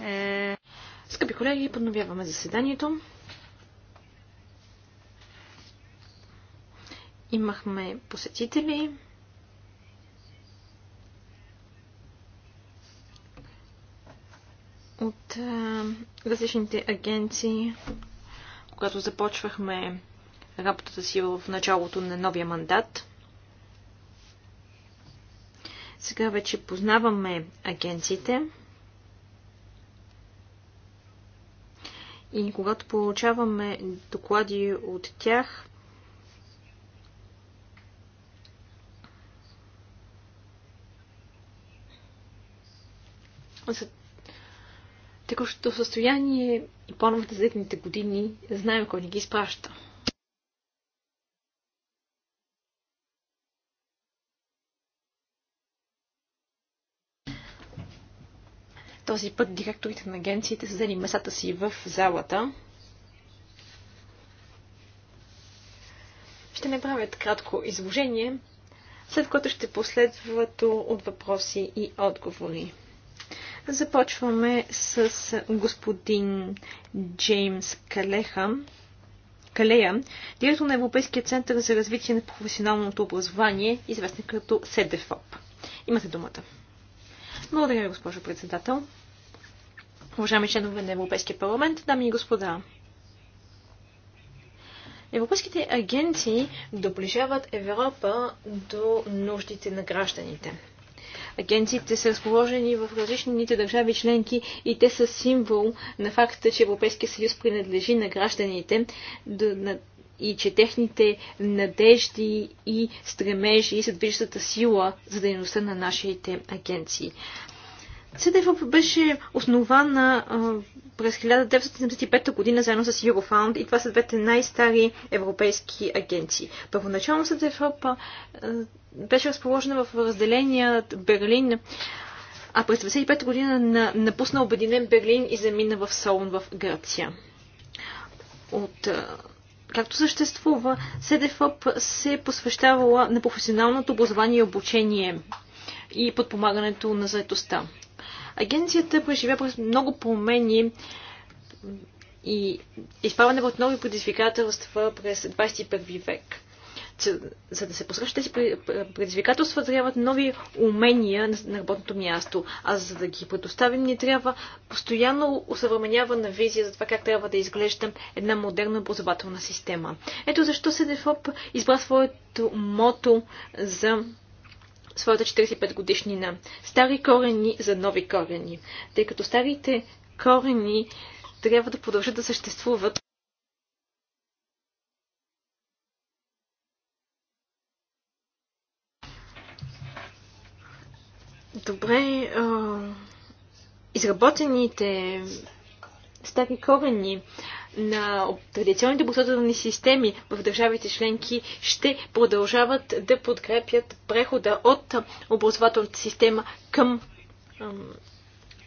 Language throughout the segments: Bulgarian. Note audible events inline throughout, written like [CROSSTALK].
Е, скъпи колеги, подновяваме заседанието. Имахме посетители. от а, е, различните агенции, когато започвахме работата си в началото на новия мандат. Сега вече познаваме агенциите. И когато получаваме доклади от тях, за текущото състояние и по новите едните години, знаем кой ни ги изпраща. Този път директорите на агенциите са взели местата си в залата. Ще направят кратко изложение, след което ще последват от въпроси и отговори. Започваме с господин Джеймс Калеха, Калея, директор на Европейския център за развитие на професионалното образование, известен като СЕДЕФОП. Имате думата. Благодаря, госпожо председател уважаеми членове на Европейския парламент, дами и господа. Европейските агенции доближават Европа до нуждите на гражданите. Агенциите са разположени в различните държави членки и те са символ на факта, че Европейския съюз принадлежи на гражданите и че техните надежди и стремежи са движещата сила за дейността на нашите агенции. Съд беше основана а, през 1975 година заедно с Eurofound и това са двете най-стари европейски агенции. Първоначално Съд а, беше разположена в разделения Берлин, а през 1975 година на, напусна обединен Берлин и замина в Солун в Гърция. От а, както съществува, СДФП се посвещавала на професионалното образование и обучение и подпомагането на заедостта. Агенцията преживя през много промени и изправяне от нови предизвикателства през 21 век. За да се посрещат тези предизвикателства, трябват нови умения на работното място. А за да ги предоставим, ни трябва постоянно усъвременявана визия за това как трябва да изглежда една модерна образователна система. Ето защо СДФОП избра своето мото за своята 45 годишнина. Стари корени за нови корени. Тъй като старите корени трябва да продължат да съществуват. Добре, изработените стари корени на традиционните образователни системи в държавите членки ще продължават да подкрепят прехода от образователната система към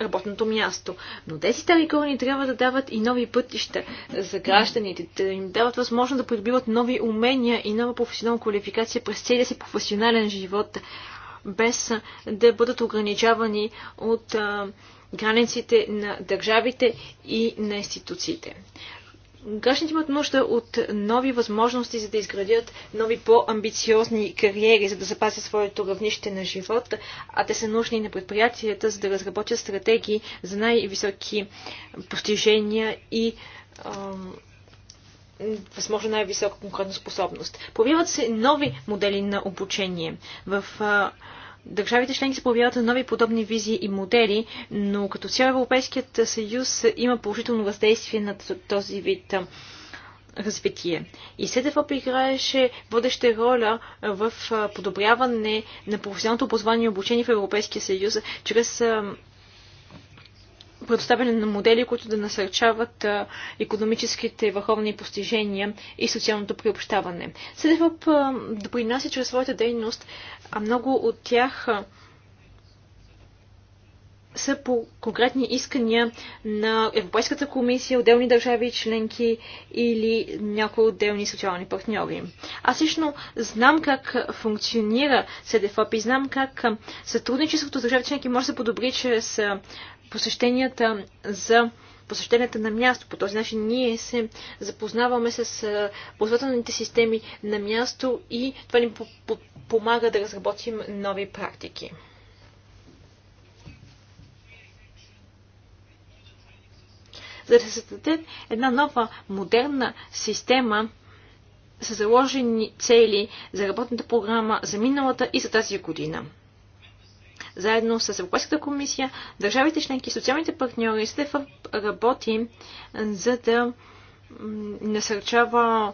работното място. Но тези стари корени трябва да дават и нови пътища за гражданите, да им дават възможност да придобиват нови умения и нова професионална квалификация през целия си професионален живот, без да бъдат ограничавани от а, границите на държавите и на институциите. Гражданите имат нужда от нови възможности, за да изградят нови по-амбициозни кариери, за да запазят своето равнище на живот, а те са нужни на предприятията, за да разработят стратегии за най-високи постижения и възможно най-висока конкурентоспособност. Появяват се нови модели на обучение. В а, Държавите членки се появяват нови подобни визии и модели, но като цяло Европейският съюз има положително въздействие на този вид развитие. И СДФОП играеше водеща роля в подобряване на професионалното образование и обучение в Европейския съюз чрез предоставяне на модели, които да насърчават економическите върховни постижения и социалното приобщаване. Седефъп допринася чрез своята дейност, а много от тях са по конкретни искания на Европейската комисия, отделни държави и членки или някои отделни социални партньори. Аз лично знам как функционира СДФОП и знам как сътрудничеството с държави членки може да се подобри чрез посещенията за посещенията на място. По този начин ние се запознаваме с ползвателните системи на място и това ни помага да разработим нови практики. За да се създаде една нова модерна система са заложени цели за работната програма за миналата и за тази година заедно с Европейската комисия, държавите членки, социалните партньори, сте в работи, за да насърчава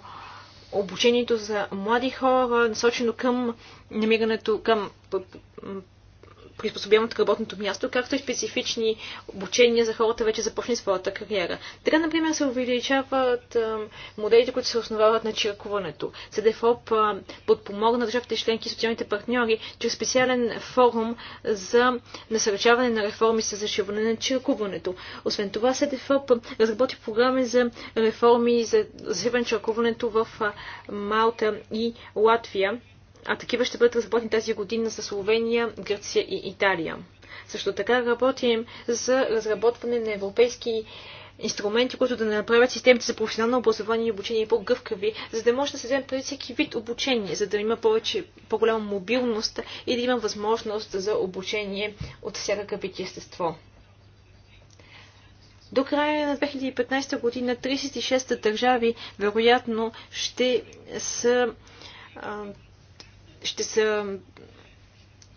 обучението за млади хора, насочено към намирането, към Приспособяват работното място, както и специфични обучения за хората вече започнат своята кариера. Така, например, се увеличават моделите, които се основават на чиркуването. СДФОП подпомогна държавите членки и социалните партньори чрез специален форум за насърчаване на реформи с зашиване на чиркуването. Освен това, СДФОП разработи програми за реформи за зашиване на чиркуването в Малта и Латвия а такива ще бъдат разработени тази година за Словения, Гърция и Италия. Също така работим за разработване на европейски инструменти, които да направят системите за професионално образование и обучение по-гъвкави, за да може да се вземе преди всеки вид обучение, за да има повече, по-голяма мобилност и да има възможност за обучение от всякакъв вид естество. До края на 2015 година 36 държави вероятно ще са ще са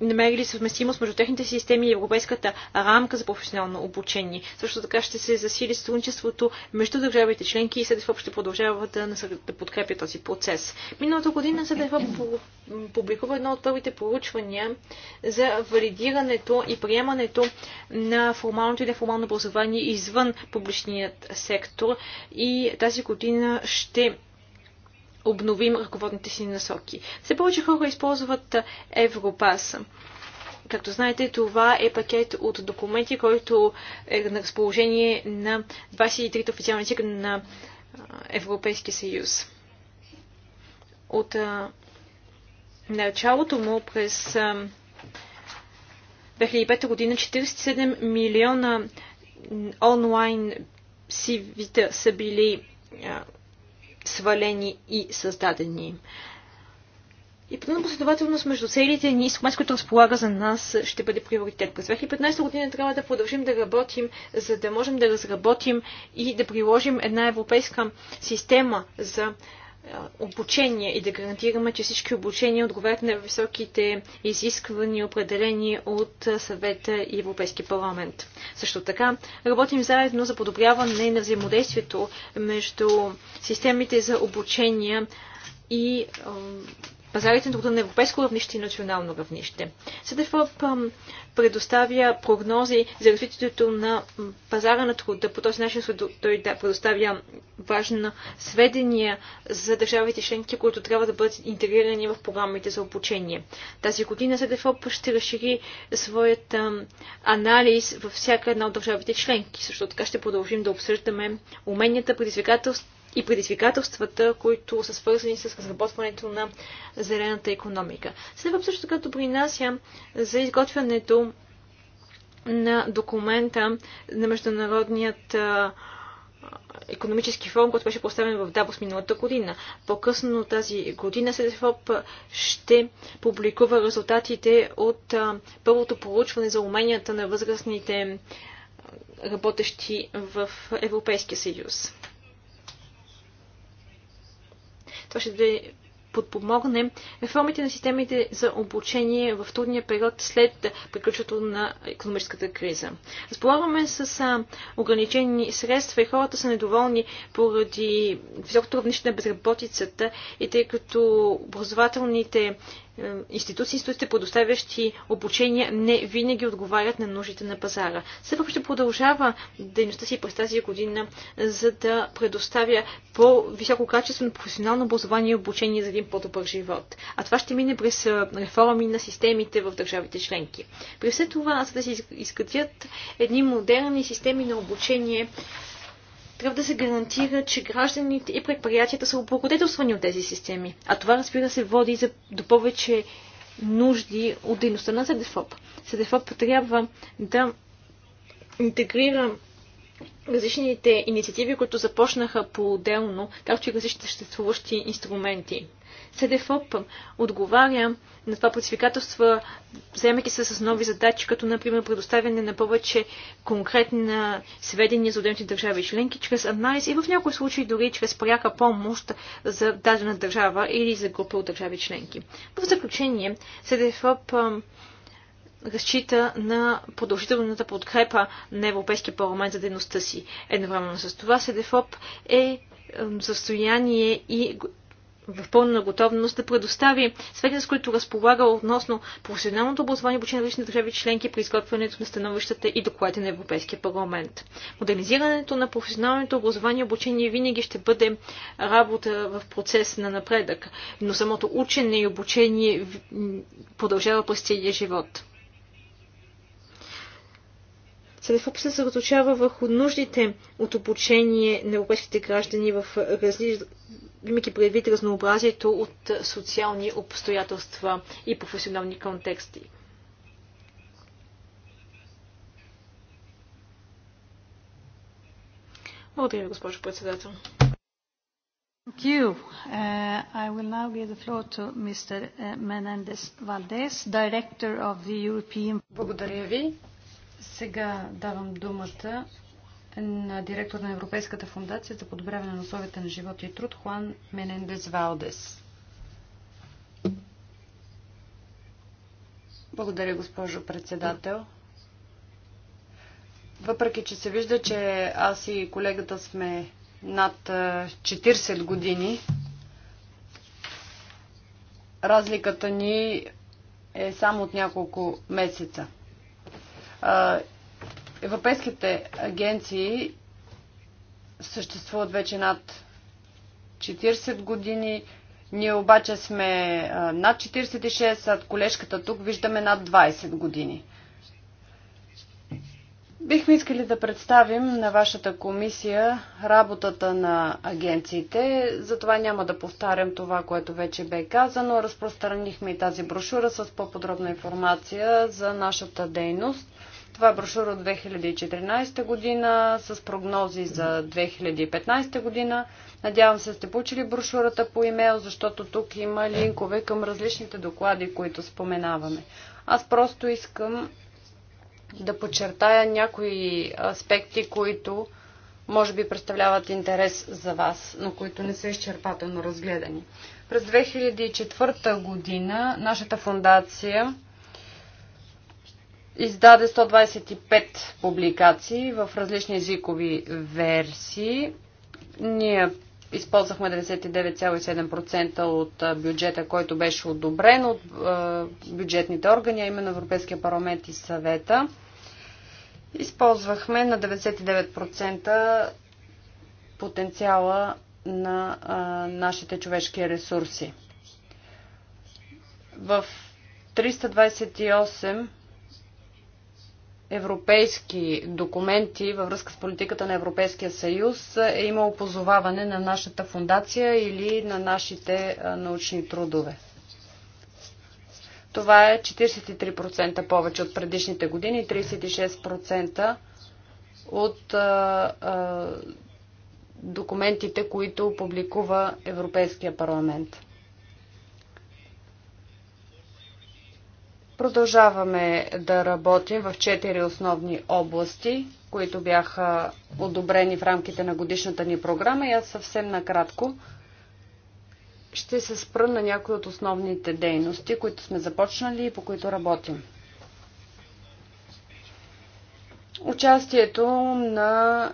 намерили съвместимост между техните системи и европейската рамка за професионално обучение. Също така ще се засили сътрудничеството между държавите членки и Съдефъп ще продължава да, да подкрепя този процес. Миналата година Съдефъп публикува едно от първите проучвания за валидирането и приемането на формалното и неформално образование извън публичният сектор и тази година ще обновим ръководните си насоки. Все повече хора използват Европас. Както знаете, това е пакет от документи, който е на разположение на 23 официална езика на Европейския съюз. От началото му през 2005 година 47 милиона онлайн CV-та са били а, свалени и създадени. И пълна последователност между целите ни, с което разполага за нас, ще бъде приоритет. През 2015 година трябва да продължим да работим, за да можем да разработим и да приложим една европейска система за е, обучение и да гарантираме, че всички обучения отговарят на високите изисквания, определени от съвета и Европейски парламент. Също така, работим заедно за подобряване на взаимодействието между системите за обучение и пазарите на труда на европейско равнище и национално равнище. СДФОП предоставя прогнози за развитието на пазара на труда. По този начин той да предоставя важна сведения за държавите членки, които трябва да бъдат интегрирани в програмите за обучение. Тази година СДФОП ще разшири своят анализ във всяка една от държавите членки. Също така ще продължим да обсъждаме уменията, предизвикателства и предизвикателствата, които са свързани с разработването на зелената економика. Следва също така допринася за изготвянето на документа на Международният економически форум, който беше поставен в Дабос миналата година. По-късно тази година СДФОП ще публикува резултатите от първото проучване за уменията на възрастните работещи в Европейския съюз. Това ще бъде подпомогне реформите на системите за обучение в трудния период след приключването на економическата криза. Разполагаме с а, ограничени средства и хората са недоволни поради високото равнище на безработицата и тъй като образователните институции, е, институциите, предоставящи обучение, не винаги отговарят на нуждите на пазара. Все ще продължава дейността си през тази година, за да предоставя по-високо качествено професионално образование и обучение за един по-добър живот. А това ще мине през е, реформи на системите в държавите членки. При все това, за да се изградят едни модерни системи на обучение, трябва да се гарантира, че гражданите и предприятията са облагодетелствани от тези системи. А това, разбира се, води за, до повече нужди от дейността на СДФОП. СДФОП трябва да интегрира различните инициативи, които започнаха по-отделно, както и различните съществуващи инструменти. СДФОП отговаря на това предизвикателство, вземайки се с нови задачи, като например предоставяне на повече конкретна сведения за отделните държави и членки, чрез анализ и в някои случаи дори чрез пряка помощ за дадена държава или за група от държави членки. В заключение, СДФОП разчита на продължителната подкрепа на Европейския парламент за дейността си. Едновременно с това СДФОП е в състояние и в пълна готовност да предостави сведения, с които разполага относно професионалното образование и обучение на различни държави членки при изготвянето на становищата и докладите на Европейския парламент. Модернизирането на професионалното образование и обучение винаги ще бъде работа в процес на напредък, но самото учене и обучение продължава през целия живот. Целефоп се съсредоточава върху нуждите от обучение на европейските граждани в различни имайки предвид разнообразието от социални обстоятелства и професионални контексти. Благодаря, госпожо председател. Thank you. Uh, I will now give the floor to Mr. Uh, Menendez Valdez, Director of the European... Благодаря ви. Сега давам думата на директор на Европейската фундация за подобряване на условията на живот и труд Хуан Менендес Валдес. Благодаря, госпожо председател. Въпреки, че се вижда, че аз и колегата сме над 40 години, разликата ни е само от няколко месеца. Европейските агенции съществуват вече над 40 години. Ние обаче сме над 46, а колежката тук виждаме над 20 години. Бихме искали да представим на вашата комисия работата на агенциите. Затова няма да повтарям това, което вече бе казано. Разпространихме и тази брошура с по-подробна информация за нашата дейност – това е брошура от 2014 година с прогнози за 2015 година. Надявам се сте получили брошурата по имейл, защото тук има линкове към различните доклади, които споменаваме. Аз просто искам да подчертая някои аспекти, които може би представляват интерес за вас, но които не са изчерпателно разгледани. През 2004 година нашата фундация издаде 125 публикации в различни езикови версии. Ние използвахме 99,7% от бюджета, който беше одобрен от бюджетните органи, а именно Европейския парламент и съвета. Използвахме на 99% потенциала на нашите човешки ресурси. В 328 европейски документи във връзка с политиката на Европейския съюз е имало позоваване на нашата фундация или на нашите научни трудове. Това е 43% повече от предишните години и 36% от а, а, документите, които публикува Европейския парламент. Продължаваме да работим в четири основни области, които бяха одобрени в рамките на годишната ни програма и аз съвсем накратко ще се спра на някои от основните дейности, които сме започнали и по които работим. Участието на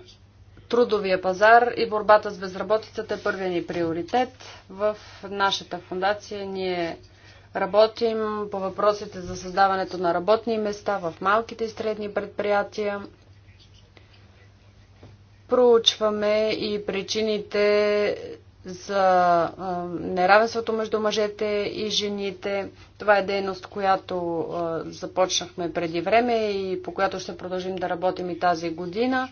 трудовия пазар и борбата с безработицата е първият ни приоритет. В нашата фундация ние Работим по въпросите за създаването на работни места в малките и средни предприятия. Проучваме и причините за неравенството между мъжете и жените. Това е дейност, която започнахме преди време и по която ще продължим да работим и тази година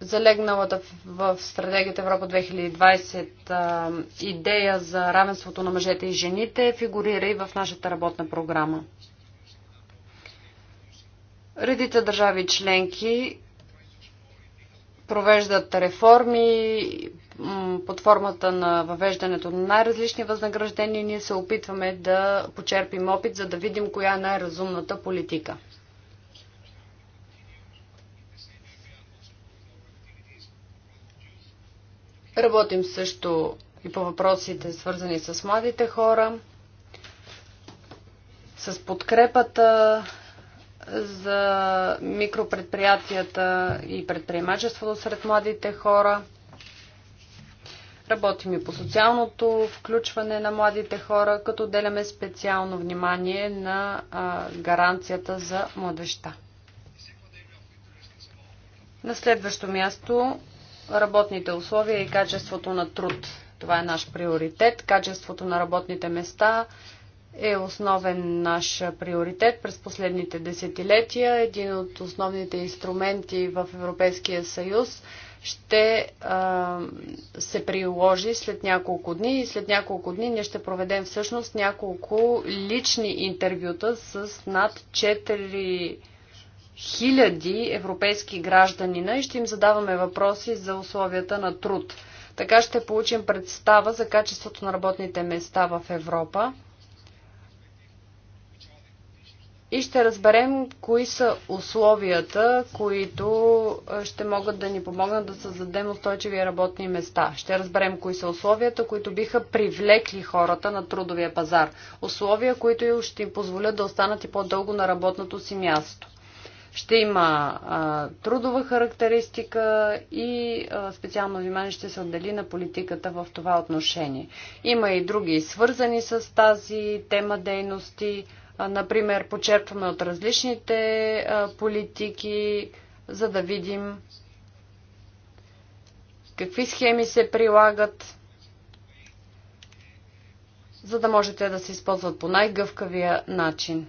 залегналата в стратегията Европа 2020 идея за равенството на мъжете и жените фигурира и в нашата работна програма. Редица държави членки провеждат реформи под формата на въвеждането на най-различни възнаграждения. Ние се опитваме да почерпим опит, за да видим коя е най-разумната политика. Работим също и по въпросите, свързани с младите хора, с подкрепата за микропредприятията и предприемачеството сред младите хора. Работим и по социалното включване на младите хора, като деляме специално внимание на гаранцията за младеща. На следващо място работните условия и качеството на труд. Това е наш приоритет. Качеството на работните места е основен наш приоритет през последните десетилетия. Един от основните инструменти в Европейския съюз ще а, се приложи след няколко дни и след няколко дни ние ще проведем всъщност няколко лични интервюта с над хиляди европейски гражданина и ще им задаваме въпроси за условията на труд. Така ще получим представа за качеството на работните места в Европа и ще разберем кои са условията, които е, ще могат да ни помогнат да създадем устойчиви работни места. Ще разберем кои са условията, които биха привлекли хората на трудовия пазар. Условия, които ще им позволят да останат и по-дълго на работното си място. Ще има а, трудова характеристика и а, специално внимание ще се отдели на политиката в това отношение. Има и други свързани с тази тема дейности. А, например, почерпваме от различните а, политики, за да видим какви схеми се прилагат, за да можете да се използват по най-гъвкавия начин.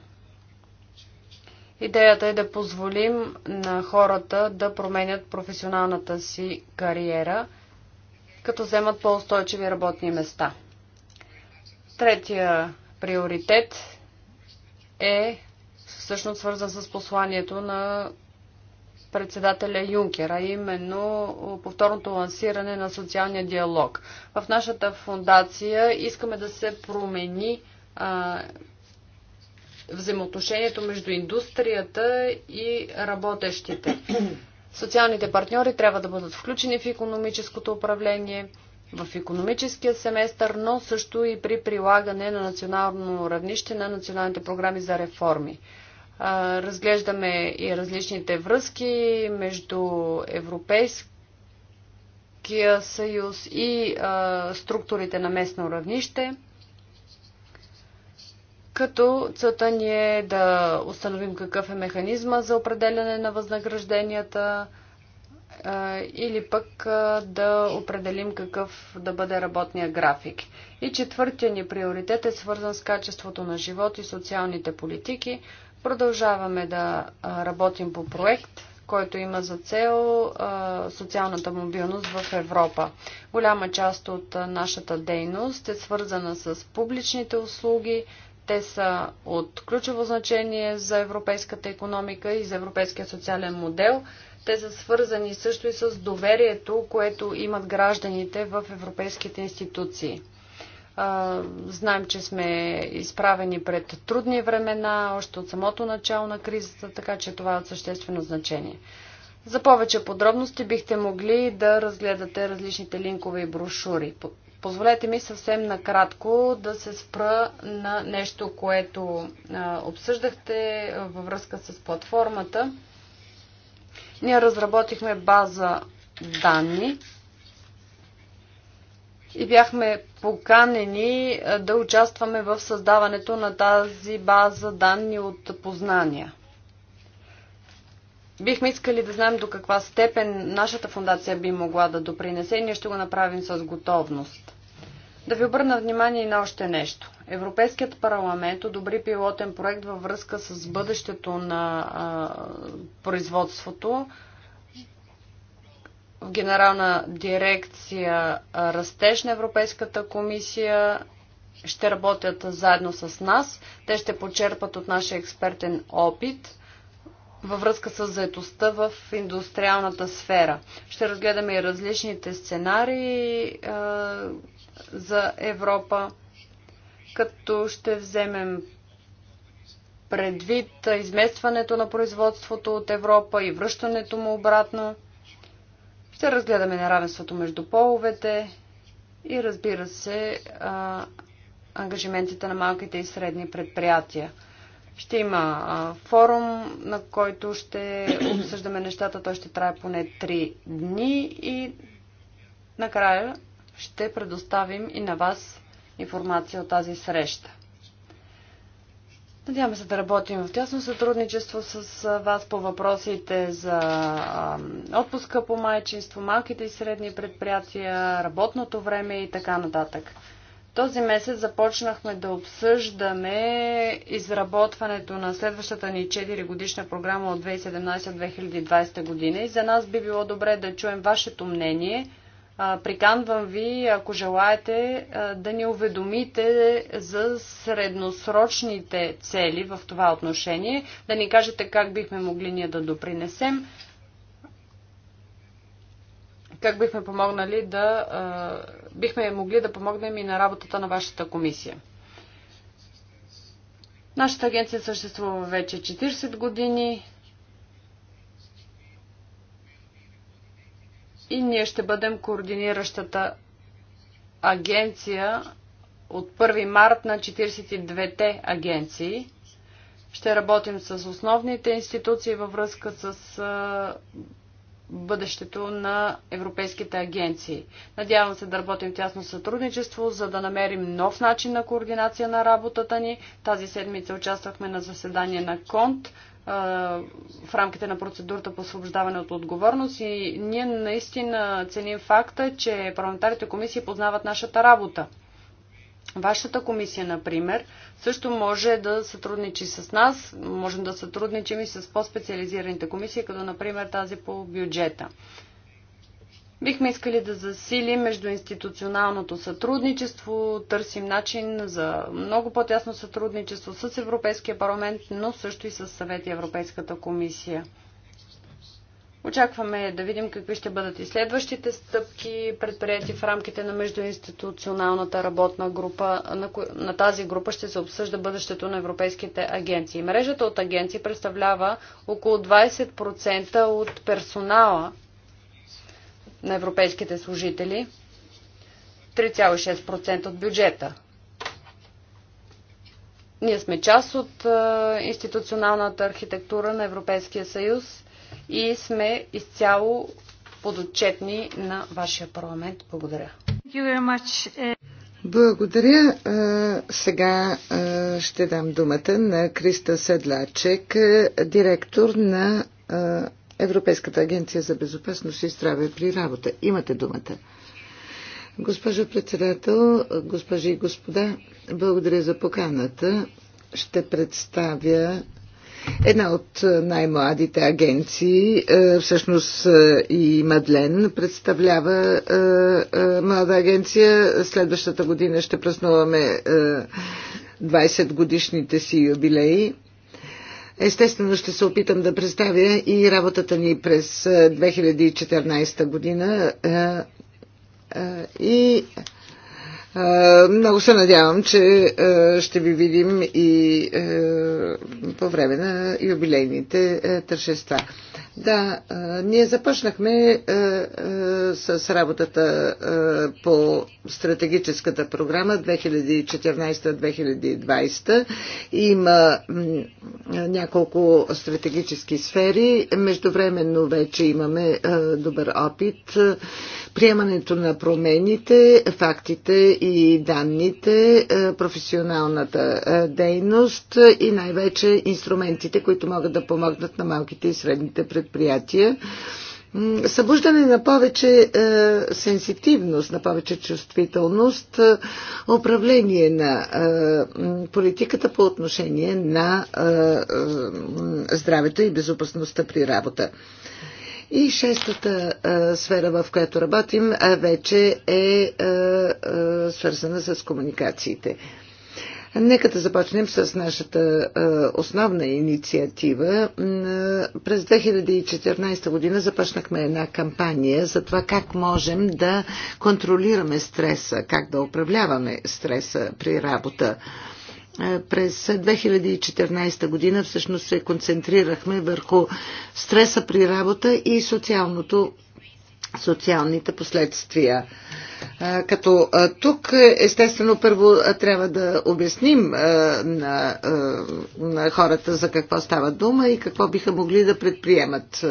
Идеята е да позволим на хората да променят професионалната си кариера, като вземат по-устойчиви работни места. Третия приоритет е всъщност свързан с посланието на председателя Юнкера, а именно повторното лансиране на социалния диалог. В нашата фундация искаме да се промени а, взаимоотношението между индустрията и работещите. Социалните партньори трябва да бъдат включени в економическото управление, в економическия семестър, но също и при прилагане на национално равнище на националните програми за реформи. Разглеждаме и различните връзки между Европейския съюз и структурите на местно равнище – като целта ни е да установим какъв е механизма за определяне на възнагражденията или пък да определим какъв да бъде работния график. И четвъртия ни приоритет е свързан с качеството на живот и социалните политики. Продължаваме да работим по проект, който има за цел социалната мобилност в Европа. Голяма част от нашата дейност е свързана с публичните услуги, те са от ключово значение за европейската економика и за европейския социален модел. Те са свързани също и с доверието, което имат гражданите в европейските институции. Знаем, че сме изправени пред трудни времена, още от самото начало на кризата, така че това е от съществено значение. За повече подробности бихте могли да разгледате различните линкове и брошури. Позволете ми съвсем накратко да се спра на нещо, което обсъждахте във връзка с платформата. Ние разработихме база данни и бяхме поканени да участваме в създаването на тази база данни от познания. Бихме искали да знаем до каква степен нашата фундация би могла да допринесе и ние ще го направим с готовност. Да ви обърна внимание и на още нещо. Европейският парламент одобри пилотен проект във връзка с бъдещето на а, производството в Генерална дирекция Растеж на Европейската комисия ще работят заедно с нас. Те ще почерпат от нашия експертен опит – във връзка с заетостта в индустриалната сфера. Ще разгледаме и различните сценарии за Европа, като ще вземем предвид изместването на производството от Европа и връщането му обратно. Ще разгледаме неравенството между половете и разбира се, ангажиментите на малките и средни предприятия. Ще има а, форум, на който ще обсъждаме нещата. Той ще трае поне 3 дни и накрая ще предоставим и на вас информация от тази среща. Надяваме се да работим в тясно сътрудничество с вас по въпросите за отпуска по майчинство, малките и средни предприятия, работното време и така нататък. Този месец започнахме да обсъждаме изработването на следващата ни 4 годишна програма от 2017-2020 година и за нас би било добре да чуем вашето мнение. Приканвам ви, ако желаете, да ни уведомите за средносрочните цели в това отношение, да ни кажете как бихме могли ние да допринесем как бихме помогнали да бихме могли да помогнем и на работата на вашата комисия. Нашата агенция съществува вече 40 години и ние ще бъдем координиращата агенция от 1 март на 42-те агенции. Ще работим с основните институции във връзка с бъдещето на европейските агенции. Надявам се да работим тясно сътрудничество, за да намерим нов начин на координация на работата ни. Тази седмица участвахме на заседание на КОНТ в рамките на процедурата по освобождаване от отговорност и ние наистина ценим факта, че парламентарните комисии познават нашата работа. Вашата комисия, например, също може да сътрудничи с нас, можем да сътрудничим и с по-специализираните комисии, като например тази по бюджета. Бихме искали да засилим междуинституционалното сътрудничество, търсим начин за много по-тясно сътрудничество с Европейския парламент, но също и с Съвет и Европейската комисия. Очакваме да видим какви ще бъдат и следващите стъпки, предприяти в рамките на междуинституционалната работна група. На, ко... на тази група ще се обсъжда бъдещето на европейските агенции. Мрежата от агенции представлява около 20% от персонала на европейските служители, 3,6% от бюджета. Ние сме част от е, институционалната архитектура на Европейския съюз и сме изцяло подотчетни на вашия парламент. Благодаря. Е, благодаря. Сега ще дам думата на Криста Седлачек, директор на Европейската агенция за безопасност и здраве при работа. Имате думата. Госпожо председател, госпожи и господа, благодаря за поканата. Ще представя Една от е, най-младите агенции, е, всъщност е, и Мадлен представлява млада агенция. Следващата година ще празнуваме 20 годишните си юбилеи. Естествено ще се опитам да представя и работата ни през 2014 година и е, много се надявам, че е, ще ви видим и е, по време на юбилейните тържества. Да, ние започнахме с работата по стратегическата програма 2014-2020. Има няколко стратегически сфери. Междувременно вече имаме добър опит приемането на промените, фактите и данните, е, професионалната е, дейност и най-вече инструментите, които могат да помогнат на малките и средните предприятия. Събуждане на повече е, сенситивност, на повече чувствителност, е, управление на е, политиката по отношение на е, е, здравето и безопасността при работа. И шестата а, сфера, в която работим, а вече е а, а, свързана с комуникациите. Нека да започнем с нашата а, основна инициатива. През 2014 година започнахме една кампания за това как можем да контролираме стреса, как да управляваме стреса при работа. А, е, през 2014 година всъщност се концентрирахме върху стреса при работа и социалното социалните последствия. Е, като е, тук, естествено, първо трябва да обясним на, на хората за какво става дума и какво биха могли да предприемат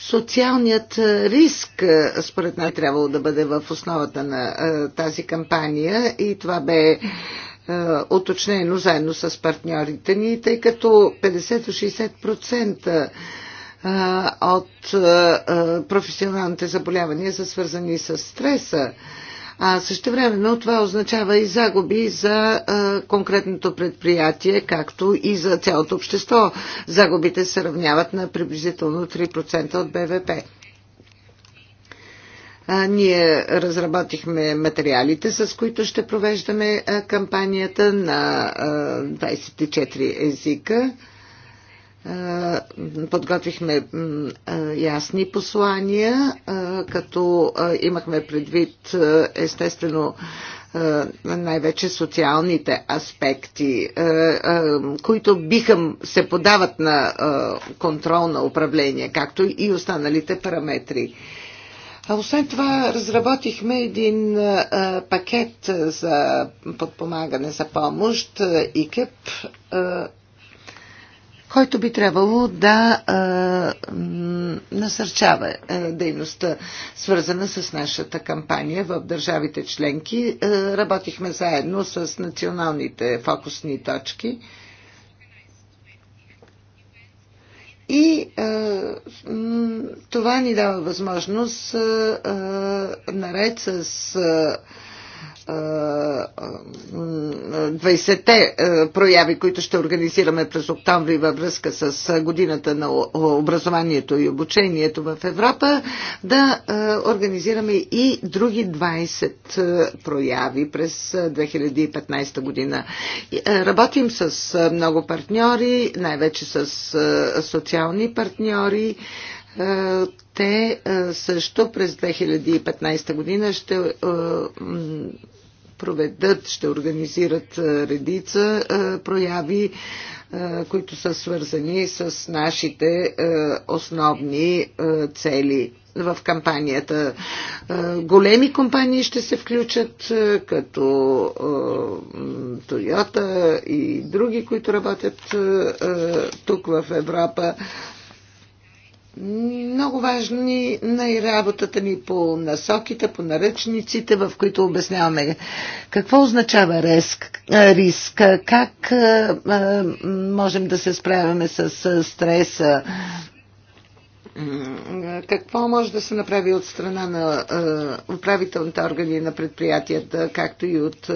социалният е, риск, е, според мен, трябвало да бъде в основата на е, тази кампания и това бе уточнено заедно с партньорите ни, тъй като 50-60% от професионалните заболявания са свързани с стреса а също но това означава и загуби за конкретното предприятие, както и за цялото общество. Загубите се равняват на приблизително 3% от БВП. Ние разработихме материалите, с които ще провеждаме кампанията на 24 езика. Е, подготвихме е, ясни послания, е, като имахме предвид естествено най-вече социалните аспекти, които биха се подават на контрол на управление, както и останалите параметри. А освен това, разработихме един пакет за подпомагане за помощ, ИКЕП, който би трябвало да а, насърчава а, дейността, свързана с нашата кампания в държавите членки. А, работихме заедно с националните фокусни точки. И а, това ни дава възможност а, наред с. А, 20-те прояви, които ще организираме през октомври във връзка с годината на образованието и обучението в Европа, да организираме и други 20 прояви през 2015 година. Работим с много партньори, най-вече с социални партньори, те също през 2015 година ще проведат, ще организират редица прояви, които са свързани с нашите основни цели в кампанията. Големи компании ще се включат, като Toyota и други, които работят тук в Европа. Много важни на и работата ни по насоките, по наръчниците, в които обясняваме какво означава риск, риск как можем да се справяме с стреса, какво може да се направи от страна на управителните органи на предприятията, както и от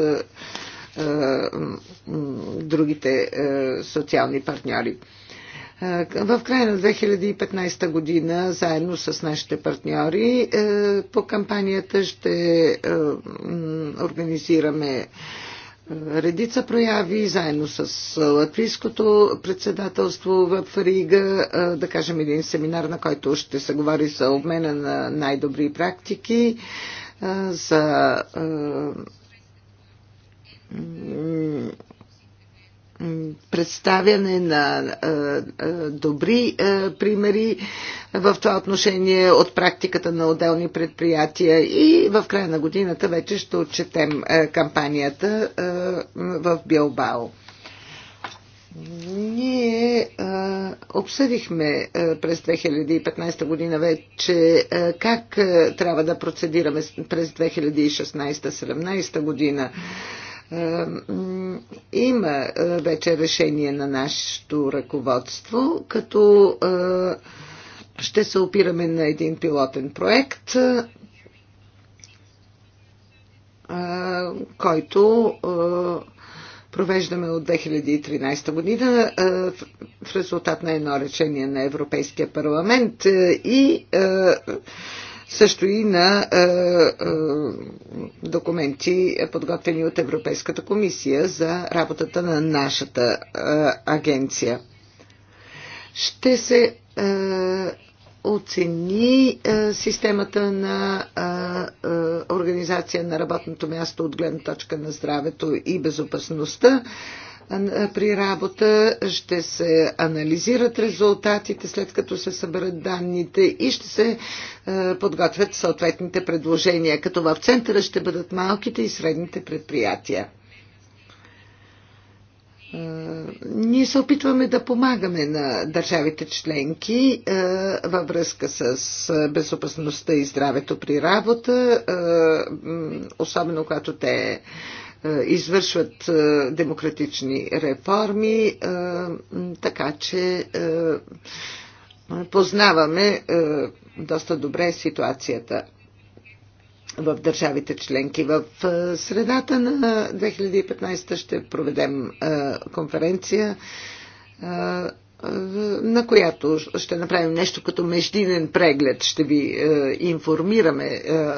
другите социални партньори. Е, в края на 2015 година, заедно с нашите партньори е, по кампанията, ще е, организираме редица прояви, заедно с латвийското председателство в Рига, да кажем един семинар, на който ще се говори за обмена на най-добри практики, за представяне на добри примери в това отношение от практиката на отделни предприятия и в края на годината вече ще отчетем кампанията в Билбао. Ние а, обсъдихме а, през 2015 година вече а, как а, трябва да процедираме през 2016 2017 година. А, е, има е, вече решение на нашето ръководство, като е, ще се опираме на един пилотен проект, който провеждаме от 2013 година в резултат на едно решение на Европейския парламент и също и на е, е, документи, подготвени от Европейската комисия за работата на нашата е, агенция. Ще се е, оцени е, системата на е, е, организация на работното място от гледна точка на здравето и безопасността. Е, при работа, ще се анализират резултатите след като се съберат данните и ще се подготвят съответните предложения, като в центъра ще бъдат малките и средните предприятия. Ние се опитваме да помагаме на държавите членки във връзка с безопасността и здравето при работа, особено когато те е, извършват е, демократични реформи, е, така че познаваме доста добре ситуацията в държавите членки. В средата на 2015 ще проведем конференция на която ще направим нещо като междинен преглед. Ще ви е, информираме, е,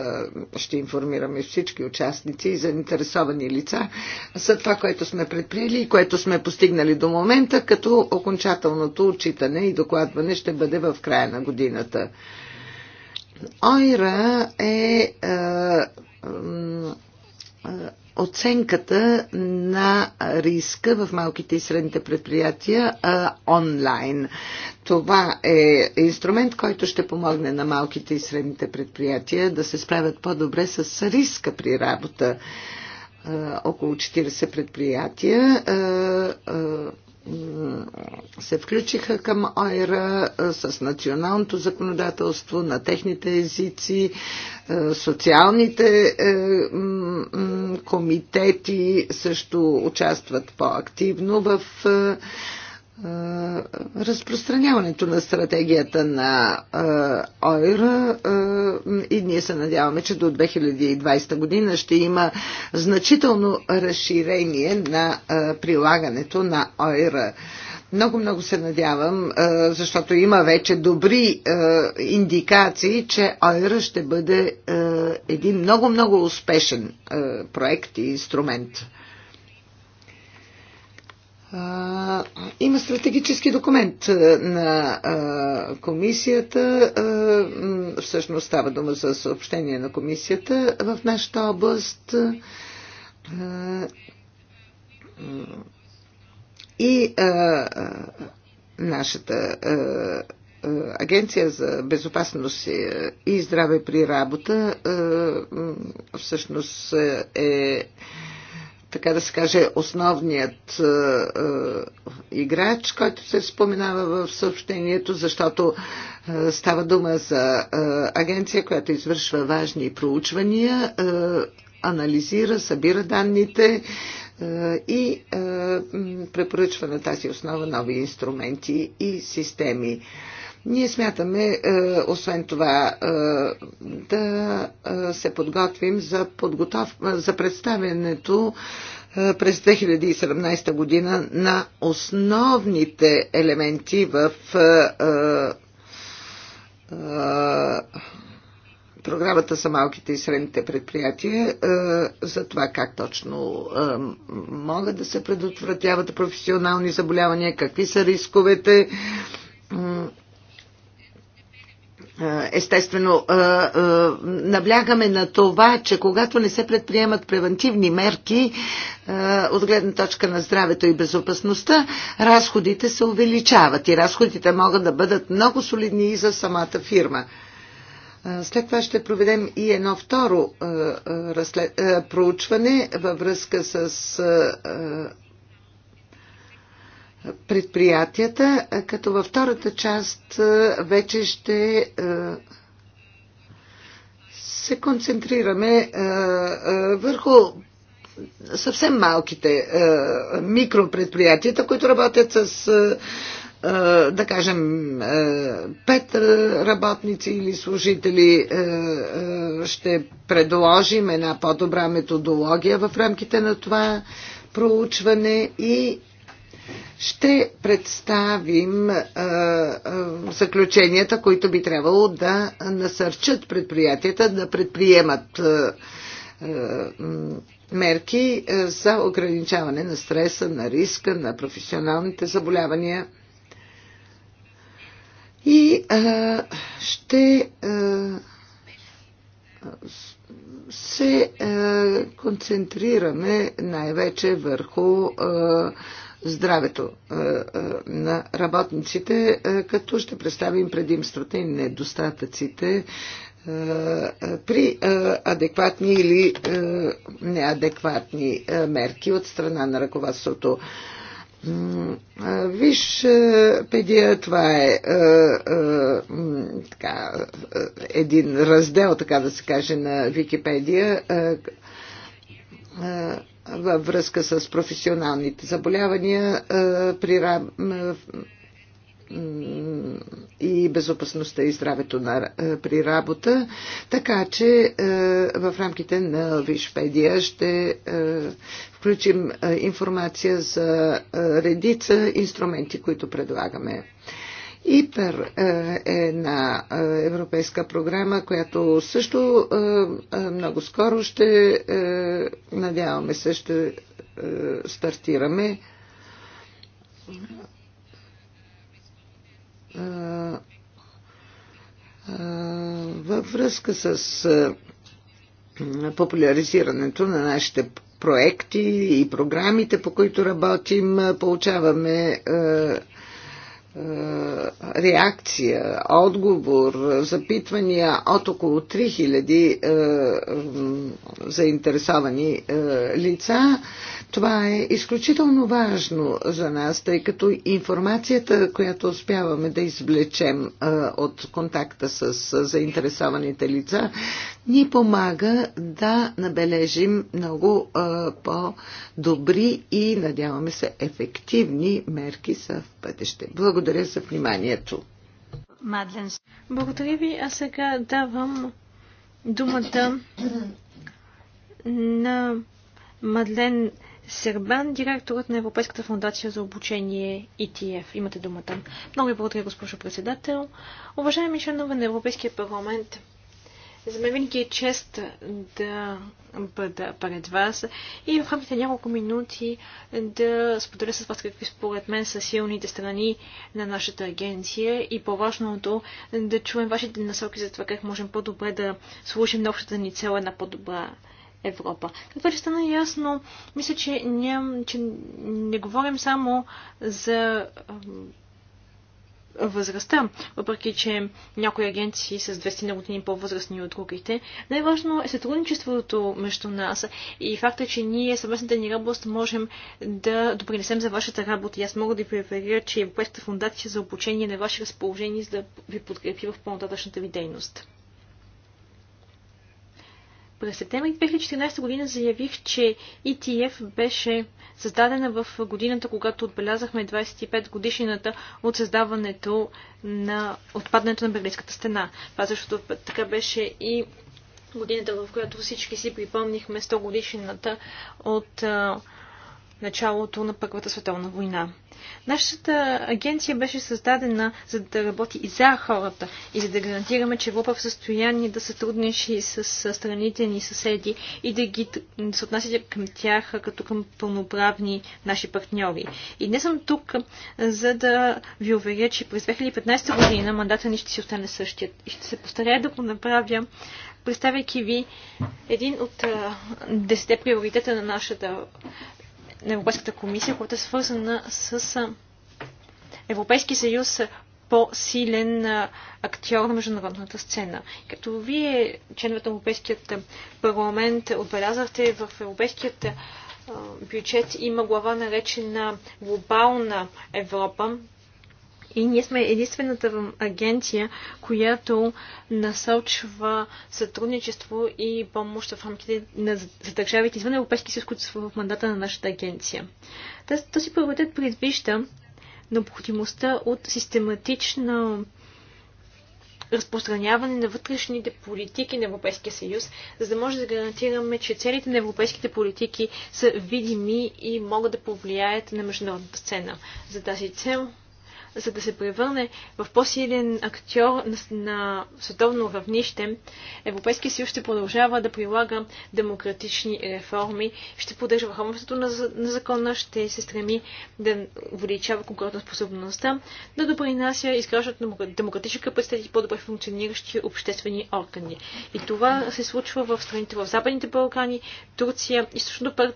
ще информираме всички участници и заинтересовани лица за това, което сме предприели и което сме постигнали до момента, като окончателното отчитане и докладване ще бъде в края на годината. Ойра е, е оценката на риска в малките и средните предприятия а, онлайн. Това е инструмент, който ще помогне на малките и средните предприятия да се справят по-добре с риска при работа. А, около 40 предприятия а, се включиха към ОИРА с националното законодателство на техните езици, социалните е, комитети също участват по-активно в е, разпространяването на стратегията на ОИР и ние се надяваме, че до 2020 година ще има значително разширение на прилагането на ОИР. Много-много се надявам, защото има вече добри индикации, че ОИР ще бъде един много-много успешен проект и инструмент има стратегически документ на комисията. всъщност става дума за съобщение на комисията в нашата област. и нашата Агенция за безопасност и здраве при работа всъщност е така да се каже, основният е, е, играч, който се споменава в съобщението, защото е, става дума за е, агенция, която извършва важни проучвания, е, анализира, събира данните е, и е, препоръчва на тази основа нови инструменти и системи. Е, ние смятаме, е, освен това, е, да е, се подготвим за, подготов... за представянето през 2017 година на основните елементи в програмата за малките и средните предприятия за това как точно могат да се предотвратяват професионални заболявания, какви са рисковете Естествено, наблягаме на това, че когато не се предприемат превентивни мерки от гледна точка на здравето и безопасността, разходите се увеличават и разходите могат да бъдат много солидни и за самата фирма. След това ще проведем и едно второ проучване във връзка с предприятията, като във втората част вече ще се концентрираме върху съвсем малките микропредприятията, които работят с да кажем, пет работници или служители ще предложим една по-добра методология в рамките на това проучване и ще представим а, а, заключенията, които би трябвало да насърчат предприятията да предприемат а, а, мерки за ограничаване на стреса, на риска, на професионалните заболявания. И а, ще а, се а, концентрираме най-вече върху а, здравето е, е, на работниците, е, като ще представим предимствата и недостатъците при адекватни или неадекватни мерки от страна на ръководството. Виж, педия, това е, е, е така, един раздел, така да се каже, на Википедия, е, във връзка с професионалните заболявания при и безопасността и здравето на, при работа. Така че в рамките на Вишпедия ще включим информация за редица инструменти, които предлагаме. ИПЕР е, е една е, европейска програма, която също е, много скоро ще, надяваме се, ще стартираме. Във връзка с популяризирането на нашите проекти и програмите, по които работим, получаваме е, реакция, отговор, запитвания от около 3000 е, заинтересовани е, лица. Това е изключително важно за нас, тъй като информацията, която успяваме да извлечем от контакта с заинтересованите лица, ни помага да набележим много по-добри и, надяваме се, ефективни мерки са в бъдеще. Благодаря благодаря за вниманието. Мадленс. Благодаря ви. А сега давам думата на Мадлен Сербан, директорът на Европейската фундация за обучение ETF. Имате думата. Много ви благодаря, госпожо председател. Уважаеми членове на Европейския парламент, за мен винаги е чест да бъда пред вас и в рамките няколко минути да споделя с вас какви според мен са силните страни на нашата агенция и по-важното да чуем вашите насоки за това как можем по-добре да служим на общата ни цел една по-добра Европа. Какво че стана ясно, мисля, че, ням, че не говорим само за възрастта, въпреки че някои агенции с 200 на години по-възрастни от другите. Най-важно е сътрудничеството между нас и факта, че ние съвместната ни работа можем да допринесем за вашата работа. И аз мога да ви преверя, че Европейската фундация за обучение е на ваше разположение, за да ви подкрепи в по-нататъчната ви дейност. През септември 2014 година заявих, че ETF беше създадена в годината, когато отбелязахме 25 годишнината от създаването на отпадането на Берлинската стена. Това също така беше и годината, в която всички си припомнихме 100 годишнината от началото на Първата световна война. Нашата агенция беше създадена за да работи и за хората и за да гарантираме, че Европа е в състояние да сътрудничи с страните ни съседи и да ги да се отнася към тях като към пълноправни наши партньори. И не съм тук, за да ви уверя, че през 2015 година мандата ни ще си остане същият. И ще се постарая да го направя, представяйки ви един от десете приоритета на нашата на Европейската комисия, която е свързана с Европейски съюз по-силен актьор на международната сцена. Като вие, членовете на Европейският парламент, отбелязахте в Европейският бюджет има глава наречена Глобална Европа. И ние сме единствената агенция, която насочва сътрудничество и помощ в рамките на, за държавите извън Европейски съюз, които са в мандата на нашата агенция. Този приоритет предвижда необходимостта от систематично разпространяване на вътрешните политики на Европейския съюз, за да може да гарантираме, че целите на европейските политики са видими и могат да повлияят на международната сцена. За тази цел за да се превърне в по-силен актьор на, на световно равнище, Европейския съюз ще продължава да прилага демократични реформи, ще поддържа върховенството на, на закона, ще се стреми да увеличава конкурентоспособността, да допринася изграждането на демократични капацитети и по-добре функциониращи обществени органи. И това се случва в страните в Западните Балкани, Турция, източното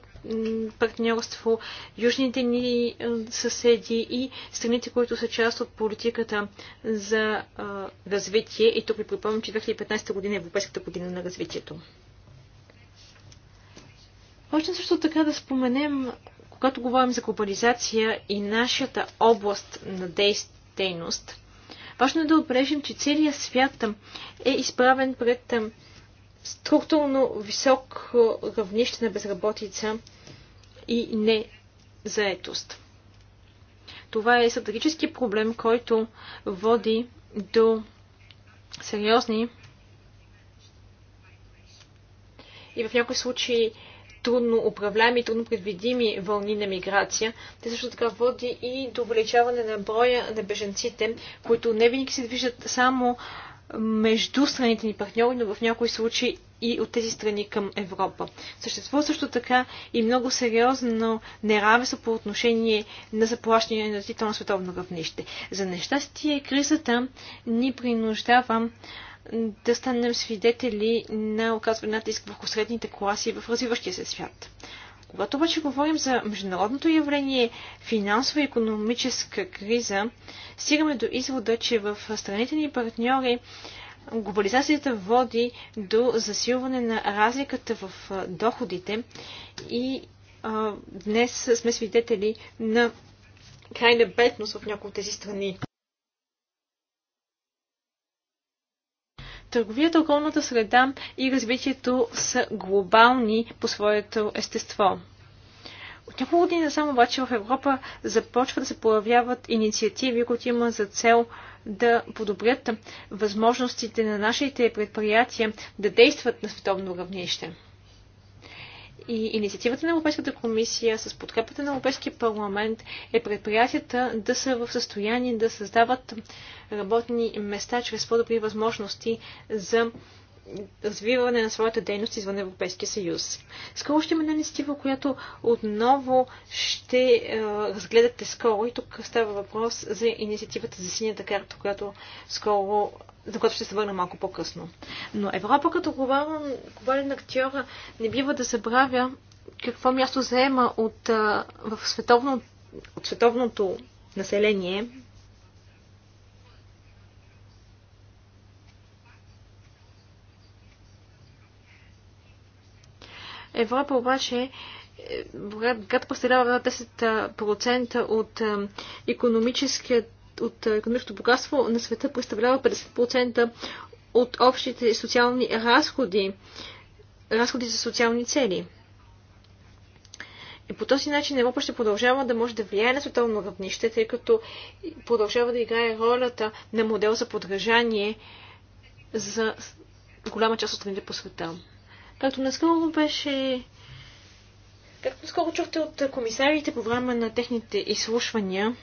партньорство, южните ни съседи и страните, които са част от политиката за развитие. И тук ви припомням, че 2015 година е Европейската година на развитието. Можем също така да споменем, когато говорим за глобализация и нашата област на дейност, важно е да отбележим, че целият свят е изправен пред структурно висок равнище на безработица и не заетост. Това е стратегически проблем, който води до сериозни и в някои случаи трудно управляеми, трудно предвидими вълни на миграция. Те също така води и до увеличаване на броя на беженците, които не винаги се движат само между страните ни партньори, но в някои случаи и от тези страни към Европа. Съществува също така и много сериозно неравенство по отношение на заплащане на титул на световно равнище. За нещастие кризата ни принуждава да станем свидетели на оказване натиск върху средните класи в развиващия се свят. Когато обаче говорим за международното явление финансова и економическа криза, стигаме до извода, че в страните ни партньори глобализацията води до засилване на разликата в доходите и а, днес сме свидетели на крайна бедност в някои от тези страни. Търговията, околната среда и развитието са глобални по своето естество. От няколко години насам обаче в Европа започва да се появяват инициативи, които имат за цел да подобрят възможностите на нашите предприятия да действат на световно равнище. И инициативата на Европейската комисия с подкрепата на Европейския парламент е предприятията да са в състояние да създават работни места чрез по-добри възможности за развиване на своята дейност извън Европейския съюз. Скоро ще има една инициатива, която отново ще е, разгледате скоро и тук става въпрос за инициативата за синята карта, която скоро за което ще се върна малко по-късно. Но Европа като глобален, глобален актьор не бива да забравя какво място заема от, в световно, от световното население, Европа обаче е, град представлява 10% от економическият от економическото богатство на света представлява 50% от общите социални разходи, разходи за социални цели. И по този начин Европа ще продължава да може да влияе на световно равнище, тъй като продължава да играе ролята на модел за подражание за голяма част от страните по света. Както наскоро беше Както скоро чухте от комисарите по време на техните изслушвания,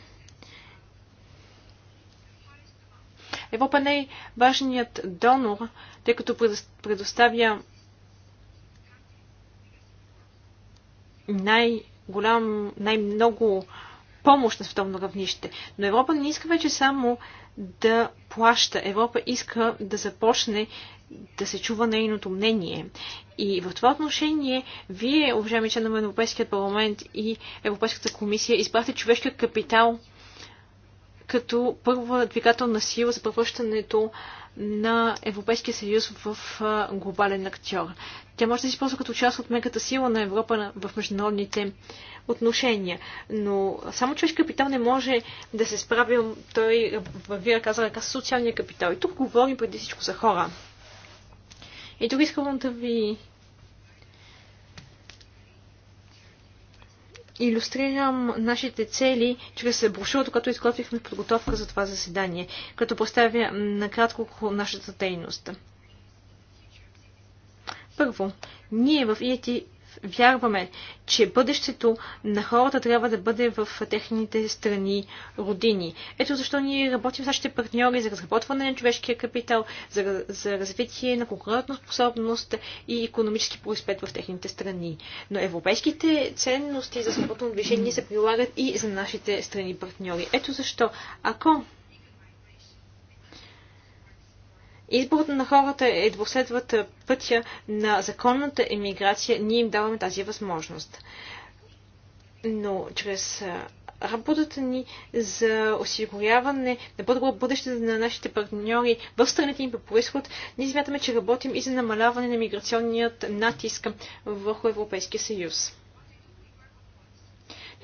Европа не е важният донор, тъй като предоставя най-голям, най-много помощ на световно равнище. Но Европа не иска вече само да плаща. Европа иска да започне да се чува нейното мнение. И в това отношение, вие, уважаеми членове на Европейския парламент и Европейската комисия, избрахте човешкият капитал като първа двигателна сила за превръщането на Европейския съюз в глобален актьор. Тя може да се използва като част от меката сила на Европа в международните отношения. Но само човешки капитал не може да се справи, той върви ръка ръка с социалния капитал. И тук говорим преди всичко за хора. И тук искам да ви иллюстрирам нашите цели чрез брошурата, която изготвихме в подготовка за това заседание, като поставя накратко нашата дейност. Първо, ние в EIT вярваме, че бъдещето на хората трябва да бъде в техните страни родини. Ето защо ние работим с нашите партньори за разработване на човешкия капитал, за, за развитие на конкурентна способност и економически происпет в техните страни. Но европейските ценности за свободно движение се прилагат и за нашите страни партньори. Ето защо, ако изборът на хората е да последват пътя на законната емиграция, ние им даваме тази възможност. Но чрез работата ни за осигуряване на по-добро бъдеще на нашите партньори в страните им по происход, ние смятаме, че работим и за намаляване на миграционният натиск върху Европейския съюз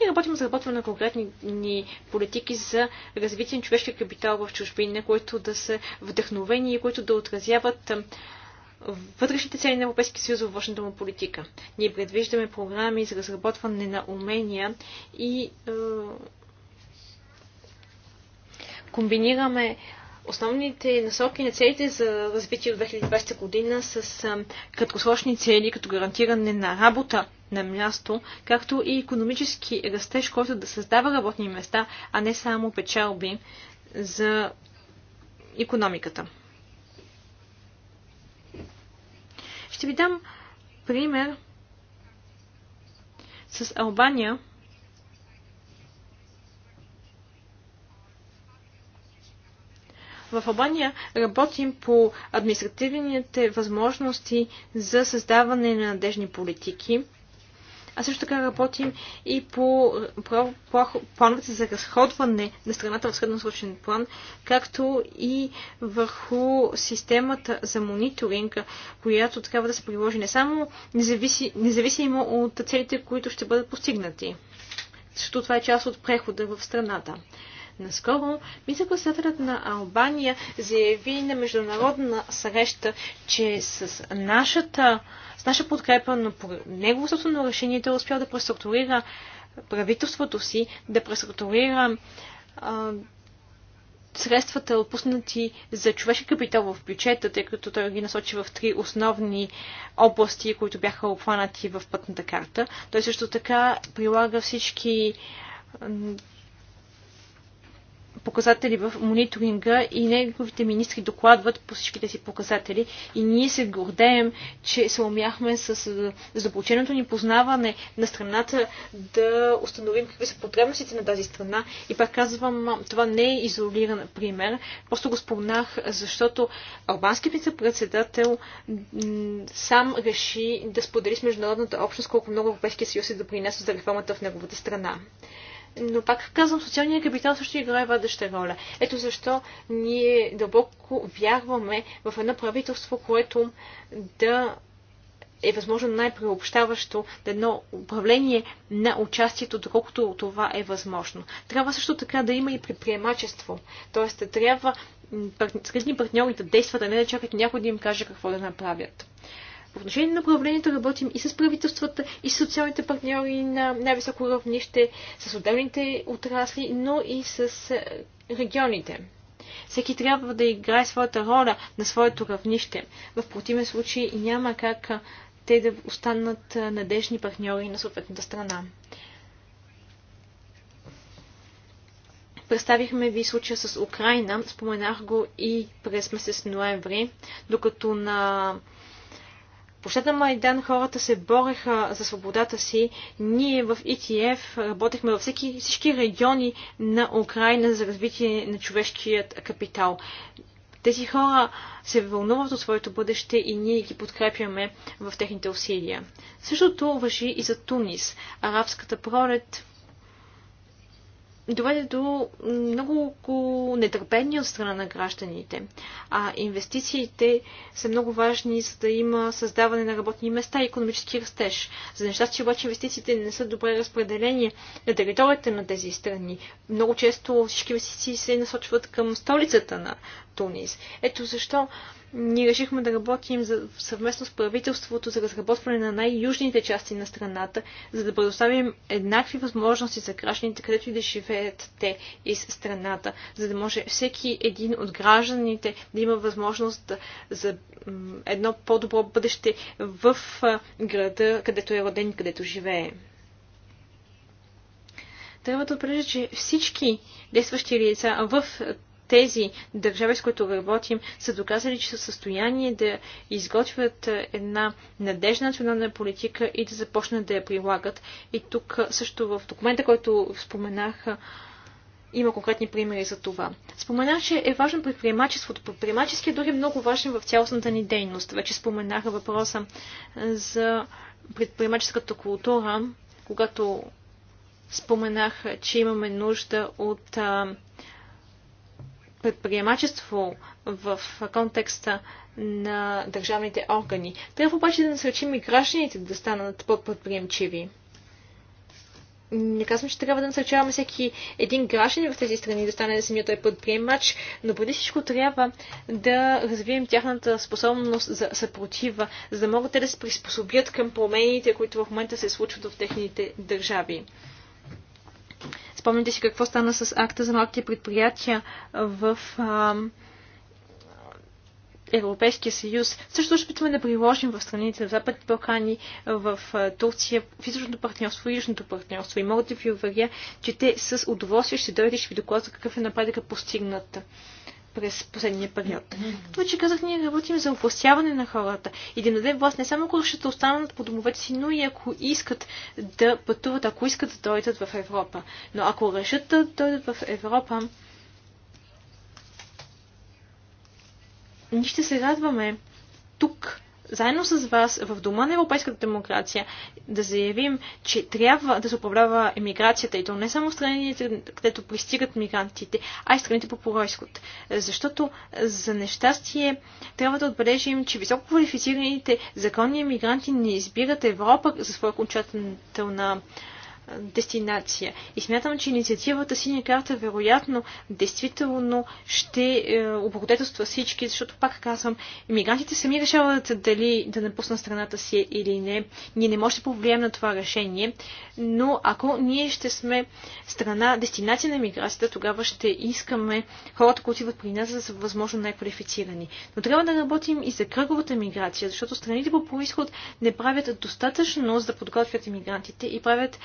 и работим за работване на конкретни ни политики за развитие на човешкия капитал в чужбина, които да са вдъхновени и които да отразяват вътрешните цели на Европейския съюз в външната му политика. Ние предвиждаме програми за разработване на умения и е, комбинираме основните насоки на целите за развитие от 2020 година с краткосрочни цели, като гарантиране на работа на място, както и економически растеж, който да създава работни места, а не само печалби за економиката. Ще ви дам пример с Албания. В Албания работим по административните възможности за създаване на надежни политики а също така работим и по плановете за разходване на страната в средносрочен план, както и върху системата за мониторинг, която трябва да се приложи не само независи, независимо от целите, които ще бъдат постигнати. Защото това е част от прехода в страната. Наскоро мисля, председателят на Албания заяви на международна среща, че с нашата с наша подкрепа, но по негово собствено решение той е успял да преструктурира правителството си, да преструктурира средствата, отпуснати за човешки капитал в бюджета, тъй като той ги насочи в три основни области, които бяха обхванати в пътната карта. Той също така прилага всички показатели в мониторинга и неговите министри докладват по всичките си показатели. И ние се гордеем, че се умяхме с задълбоченото ни познаване на страната да установим какви са потребностите на тази страна. И пак казвам, това не е изолиран пример. Просто го спомнах, защото албански вице-председател сам реши да сподели с международната общност колко много Европейския съюз е допринесъл принесе за реформата в неговата страна но пак казвам, социалният капитал също играе водеща роля. Ето защо ние дълбоко вярваме в едно правителство, което да е възможно най-преобщаващо да е едно управление на участието, доколкото това е възможно. Трябва също така да има и предприемачество. Тоест, трябва средни партньори да действат, а не да чакат някой да им каже какво да направят. По отношение на управлението работим и с правителствата, и с социалните партньори на най-високо равнище, с отделните отрасли, но и с е, регионите. Всеки трябва да играе своята роля на своето равнище. В противен случай няма как е, те да останат е, надежни партньори на съответната страна. Представихме ви случая с Украина, споменах го и през месец ноември, докато на площад на Майдан хората се бореха за свободата си. Ние в ИТФ работехме във всеки, всички региони на Украина за развитие на човешкият капитал. Тези хора се вълнуват от своето бъдеще и ние ги подкрепяме в техните усилия. Същото въжи и за Тунис. Арабската пролет доведе до много нетърпение от страна на гражданите. А инвестициите са много важни, за да има създаване на работни места и економически растеж. За нещастие обаче инвестициите не са добре разпределени на територията на тези страни. Много често всички инвестиции се насочват към столицата на Тунис. Ето защо ние решихме да работим за, съвместно с правителството за разработване на най-южните части на страната, за да предоставим еднакви възможности за гражданите, където и да живеят те из страната, за да може всеки един от гражданите да има възможност за едно по-добро бъдеще в града, където е роден, където живее. Трябва да отбележа, че всички действащи лица в тези държави, с които работим, са доказали, че са в състояние да изготвят е, една надежна национална политика и да започнат да я прилагат. И тук също в документа, който споменах, има конкретни примери за това. Споменах, че е важно предприемачеството. Предприемаческият е дори е много важен в цялостната ни дейност. Вече споменаха въпроса за предприемаческата култура, когато споменах, че имаме нужда от а, предприемачество в контекста на държавните органи. Трябва обаче да насърчим и гражданите да станат по-предприемчиви. Не казвам, че трябва да насърчаваме всеки един гражданин в тези страни да стане самият той предприемач, но преди всичко трябва да развием тяхната способност за съпротива, за да могат те да се приспособят към промените, които в момента се случват в техните държави. Спомните си какво стана с акта за малките предприятия в Европейския съюз. Също ще опитваме да приложим в страните в Западните Балкани, в Турция, в източното партньорство и южното партньорство. И мога да ви уверя, че те с удоволствие ще дойдат и ще ви докладат какъв е напредъкът постигнат през последния период. Това, че казах, ние работим за овластяване на хората и да им власт не само ако ще останат по домовете си, но и ако искат да пътуват, ако искат да дойдат в Европа. Но ако решат да дойдат в Европа, ние ще се радваме тук заедно с вас в Дома на европейската демокрация да заявим, че трябва да се управлява емиграцията и то не само в страните, където пристигат мигрантите, а и страните по происход. Защото за нещастие трябва да отбележим, че високо квалифицираните законни емигранти не избират Европа за своя окончателна дестинация. И смятам, че инициативата Синя карта вероятно действително ще е, облагодетелства всички, защото пак казвам, иммигрантите сами решават дали да напуснат страната си или не. Ние не можем да повлияем на това решение, но ако ние ще сме страна, дестинация на миграцията, тогава ще искаме хората, които идват при нас, да са възможно най-квалифицирани. Но трябва да работим и за кръговата миграция, защото страните по происход не правят достатъчно за да подготвят иммигрантите и правят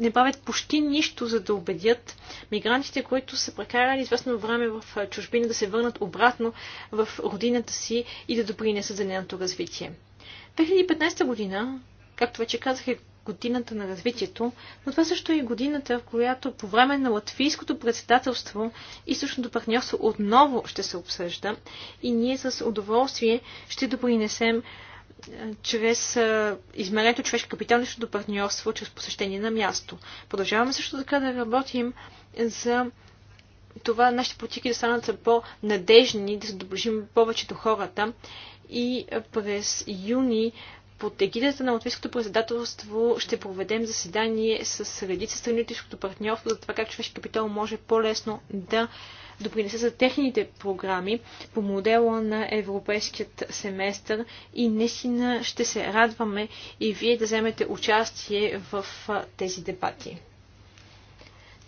не бавят почти нищо, за да убедят мигрантите, които са прекарали известно време в чужбина, да се върнат обратно в родината си и да допринесат за нейното развитие. 2015 година, както вече казах, е годината на развитието, но това също е и годината, в която по време на латвийското председателство източното партньорство отново ще се обсъжда и ние с удоволствие ще допринесем чрез измерението човешки капитал, до партньорство, чрез посещение на място. Продължаваме също така да работим за това нашите политики да станат по-надежни, да се доближим хората. И през юни под егидата на Латвийското председателство ще проведем заседание с редица страни от Латвийското партньорство за това как човешки капитал може по-лесно да допринесе за техните програми по модела на европейският семестър и наистина ще се радваме и вие да вземете участие в тези дебати.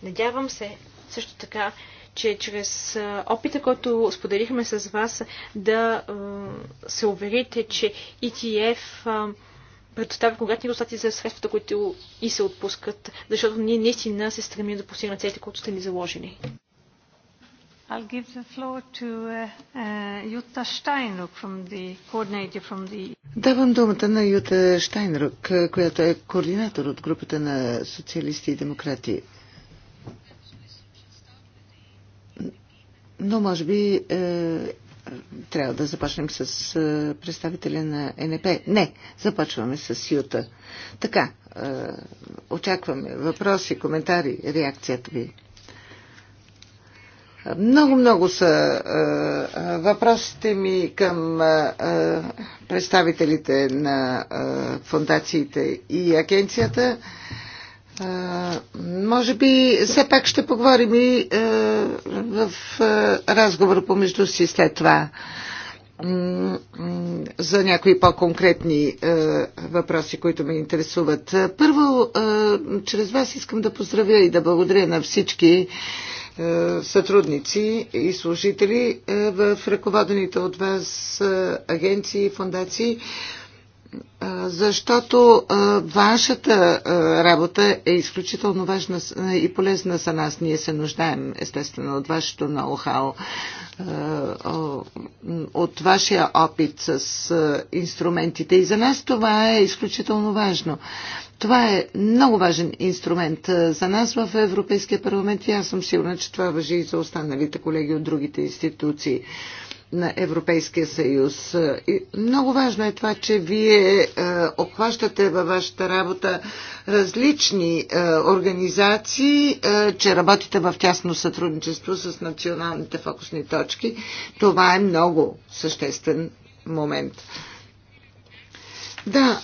Надявам се също така, че чрез опита, който споделихме с вас, да се уверите, че ETF предоставя конкретни резултати за средствата, които и се отпускат, защото ние наистина се стремим да постигнем целите, които сте ни заложили. I'll give the floor to uh, uh, Jutta Steinruck from the coordinator from the Давам думата на Юта Штайнрук, която е координатор от групата на социалисти и демократи но може би е, трябва да започнем с е, представителя на НП. Не, започваме с Юта. Така, е, очакваме въпроси, коментари, реакцията ви. Много-много са е, въпросите ми към е, представителите на е, фундациите и агенцията. Е, а, може би все пак ще поговорим и а, е, в а, е, разговор помежду си след това за някои по-конкретни е, въпроси, които ме интересуват. Първо, е, чрез вас искам да поздравя и да благодаря на всички е, сътрудници и служители е, в ръководените от вас е, агенции и фундации защото вашата работа е изключително важна и полезна за нас. Ние се нуждаем, естествено, от вашето ноу-хау, от вашия опит с инструментите. И за нас това е изключително важно. Това е много важен инструмент за нас в Европейския парламент и аз съм сигурна, че това въжи и за останалите колеги от другите институции на Европейския съюз. И много важно е това, че вие е, обхващате във вашата работа различни е, организации, е, че работите в тясно сътрудничество с националните фокусни точки. Това е много съществен момент. Да,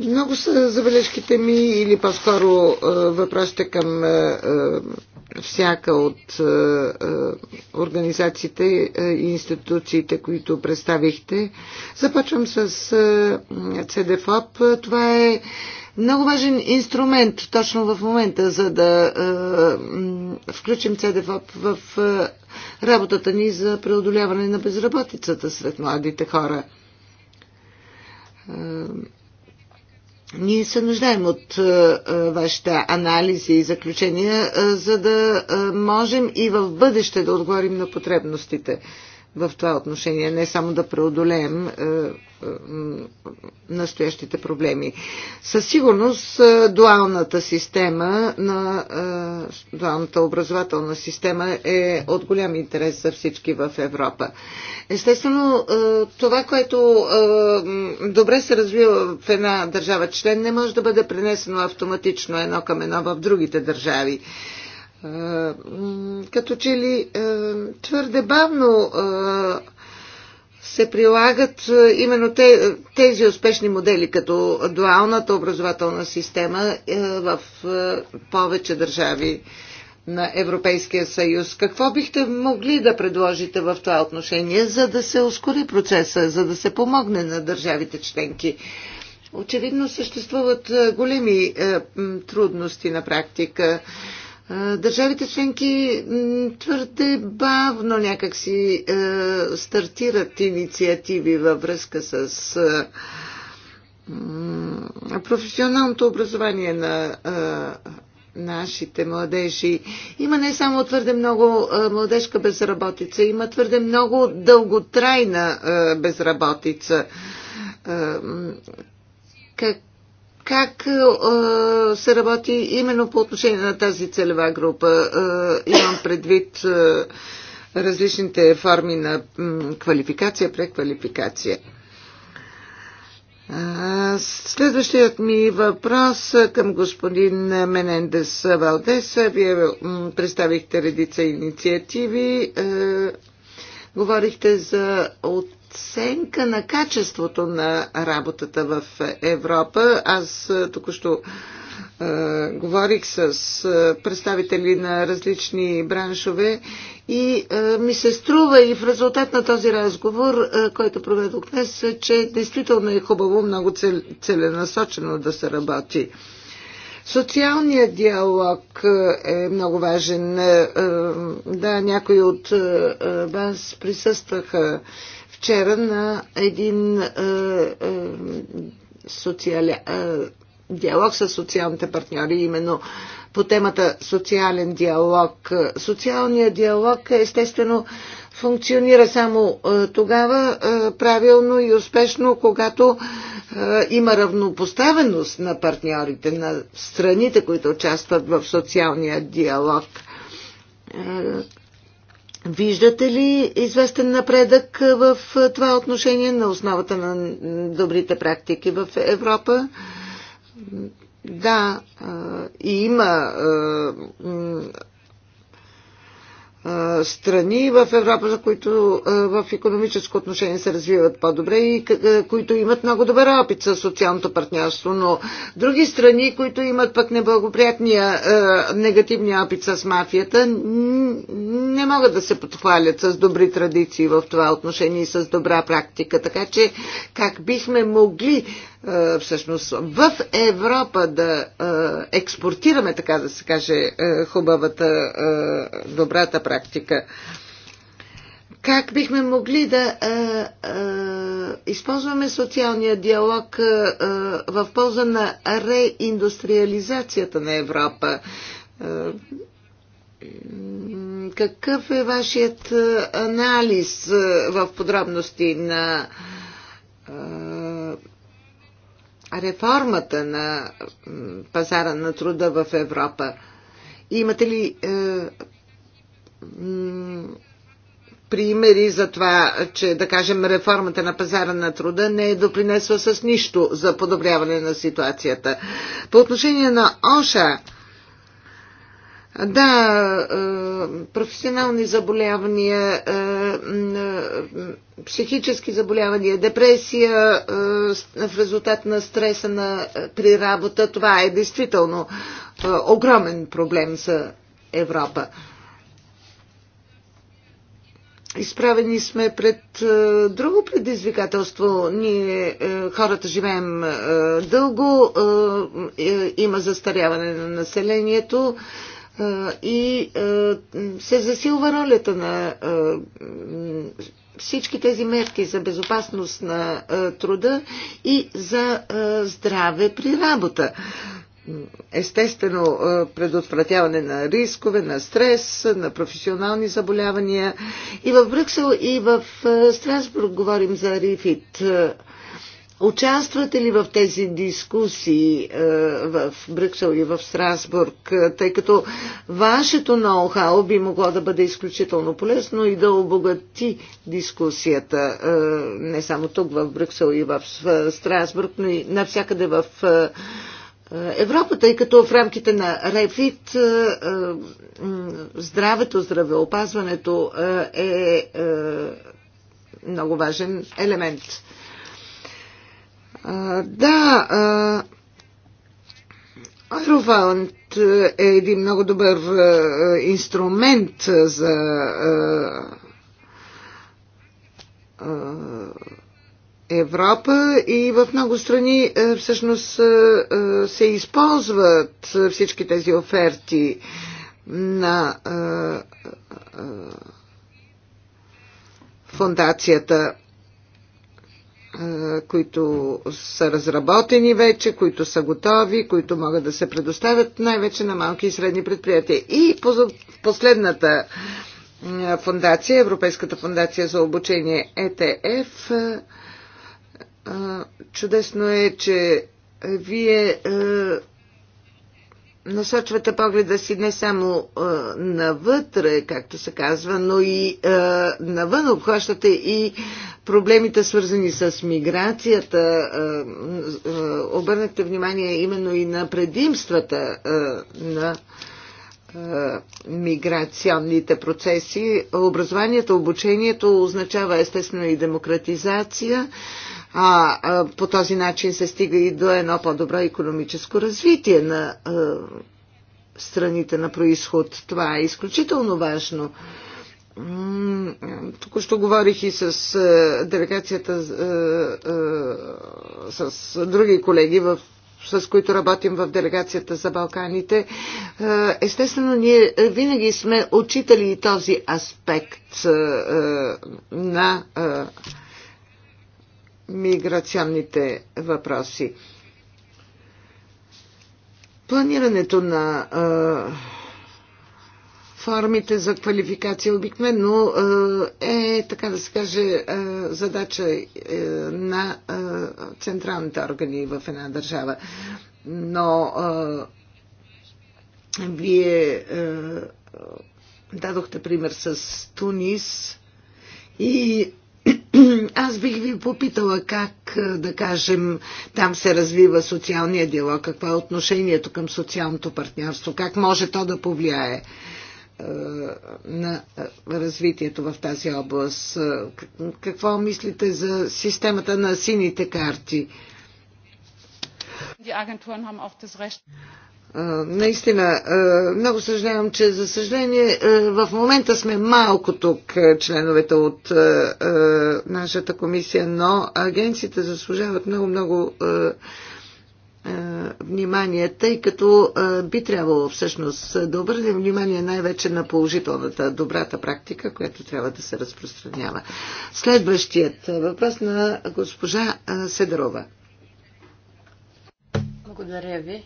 много са забележките ми или по-скоро въпросите към всяка от организациите и институциите, които представихте. Започвам с CDFOP. Това е много важен инструмент точно в момента, за да е, включим ЦДФОП в е, работата ни за преодоляване на безработицата сред младите хора. Е, ние се нуждаем от а, е, е, вашите анализи и заключения, а, за да а, можем и в бъдеще да отговорим на потребностите в това отношение, не само да преодолеем е, е, настоящите проблеми. Със сигурност е, дуалната система на дуалната образователна система е от голям интерес за всички в Европа. Естествено, това, което добре се развива в една държава член, не може да бъде пренесено автоматично едно към едно в другите държави. Е, като че ли е, твърде бавно е, се прилагат именно тези успешни модели, като дуалната образователна система в повече държави на Европейския съюз. Какво бихте могли да предложите в това отношение, за да се ускори процеса, за да се помогне на държавите членки? Очевидно съществуват големи трудности на практика. Държавите членки твърде бавно някакси стартират инициативи във връзка с професионалното образование на нашите младежи. Има не само твърде много младежка безработица, има твърде много дълготрайна безработица. Как как а, е, се работи именно по отношение на тази целева група. А, е, имам предвид а, е, различните форми на м, квалификация, преквалификация. Следващият ми въпрос към господин Менендес Валдес. Вие представихте редица инициативи. Говорихте за от оценка на качеството на работата в Европа. Аз е, току-що е, говорих с е, представители на различни браншове и е, ми се струва и в резултат на този разговор, е, който проведох днес, е, че действително е хубаво много цел, целенасочено да се работи. Социалният диалог е, е много важен. Е, да, някои от вас присъстваха вчера на един е, е, социали, е, диалог с социалните партньори, именно по темата социален диалог. Социалният диалог естествено функционира само е, тогава е, правилно и успешно, когато е, има равнопоставеност на партньорите, на страните, които участват в социалния диалог е, Виждате ли известен напредък в това отношение на основата на добрите практики в Европа? Да, и има страни в Европа, за които в економическо отношение се развиват по-добре и които имат много добър опит с социалното партньорство, но други страни, които имат пък неблагоприятния негативния опит с мафията, не могат да се подхвалят с добри традиции в това отношение и с добра практика. Така че как бихме могли е, всъщност в Европа да е, експортираме, така да се каже, е, хубавата, добрата практика. Как бихме могли да а, а, използваме социалния диалог а, а, в полза на реиндустриализацията на Европа? А, какъв е вашият анализ в подробности на а, реформата на пазара на труда в Европа? И имате ли е, примери за това, че да кажем реформата на пазара на труда не е допринесла с нищо за подобряване на ситуацията? По отношение на ОША, да, е, професионални заболявания, е, психически заболявания, депресия е, в резултат на стреса на, при работа, това е действително огромен проблем за Европа. Изправени сме пред е, друго предизвикателство. Ние, е, хората, живеем е, дълго, е, е, има застаряване на населението. Е, и се засилва ролята на всички тези мерки за безопасност на труда и за здраве при работа. Естествено, предотвратяване на рискове, на стрес, на професионални заболявания. И в Брюксел, и в Страсбург говорим за РИФИТ. Участвате ли в тези дискусии е, в Брюксел и в Страсбург, е, тъй като вашето ноу-хау би могло да бъде изключително полезно и да обогати дискусията е, не само тук в Брюксел и в Страсбург, но и навсякъде в Европа, тъй като в рамките на Рефит здравето, здравеопазването е много важен елемент да, Евровалент е един много добър инструмент за Европа и в много страни всъщност се използват всички тези оферти на фундацията които са разработени вече, които са готови, които могат да се предоставят най-вече на малки и средни предприятия. И последната фундация, Европейската фундация за обучение ЕТФ, чудесно е, че вие насочвате погледа си не само навътре, както се казва, но и навън обхващате и проблемите свързани с миграцията. Е, е, обърнахте внимание именно и на предимствата е, на миграционните процеси. Образованието, обучението означава естествено и демократизация, а по този начин се стига и до едно по-добро економическо развитие на страните на происход. Това е изключително важно. Току-що говорих и с е, делегацията, е, е, с други колеги, с които работим в делегацията за Балканите. Естествено, ние винаги сме отчитали и този аспект на миграционните въпроси. Планирането на формите за квалификация обикновено е, е, така да се каже, е, задача е, на централните органи в една държава. Но вие дадохте пример с Тунис и [CLEARS THROAT] аз бих ви попитала как, да кажем, там се развива социалния диалог, какво е отношението към социалното партньорство, как може то да повлияе на развитието в тази област. Какво мислите за системата на сините карти? Наистина, много съжалявам, че за съжаление в момента сме малко тук членовете от нашата комисия, но агенциите заслужават много-много е, внимание, тъй като е, би трябвало всъщност да обърнем внимание най-вече на положителната, добрата практика, която трябва да се разпространява. Следващият въпрос на госпожа е, Седрова. Благодаря ви.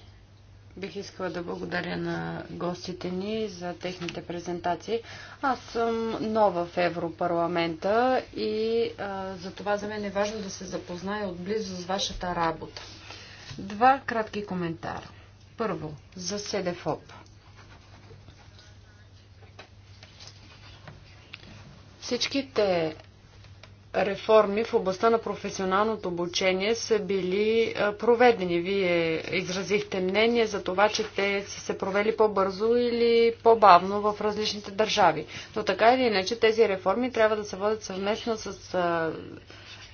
Бих искала да благодаря на гостите ни за техните презентации. Аз съм нова в Европарламента и а, за това за мен е важно да се запозная отблизо с вашата работа. Два кратки коментара. Първо, за СДФОП. Всичките реформи в областта на професионалното обучение са били проведени. Вие изразихте мнение за това, че те са се провели по-бързо или по-бавно в различните държави. Но така или иначе тези реформи трябва да се водят съвместно с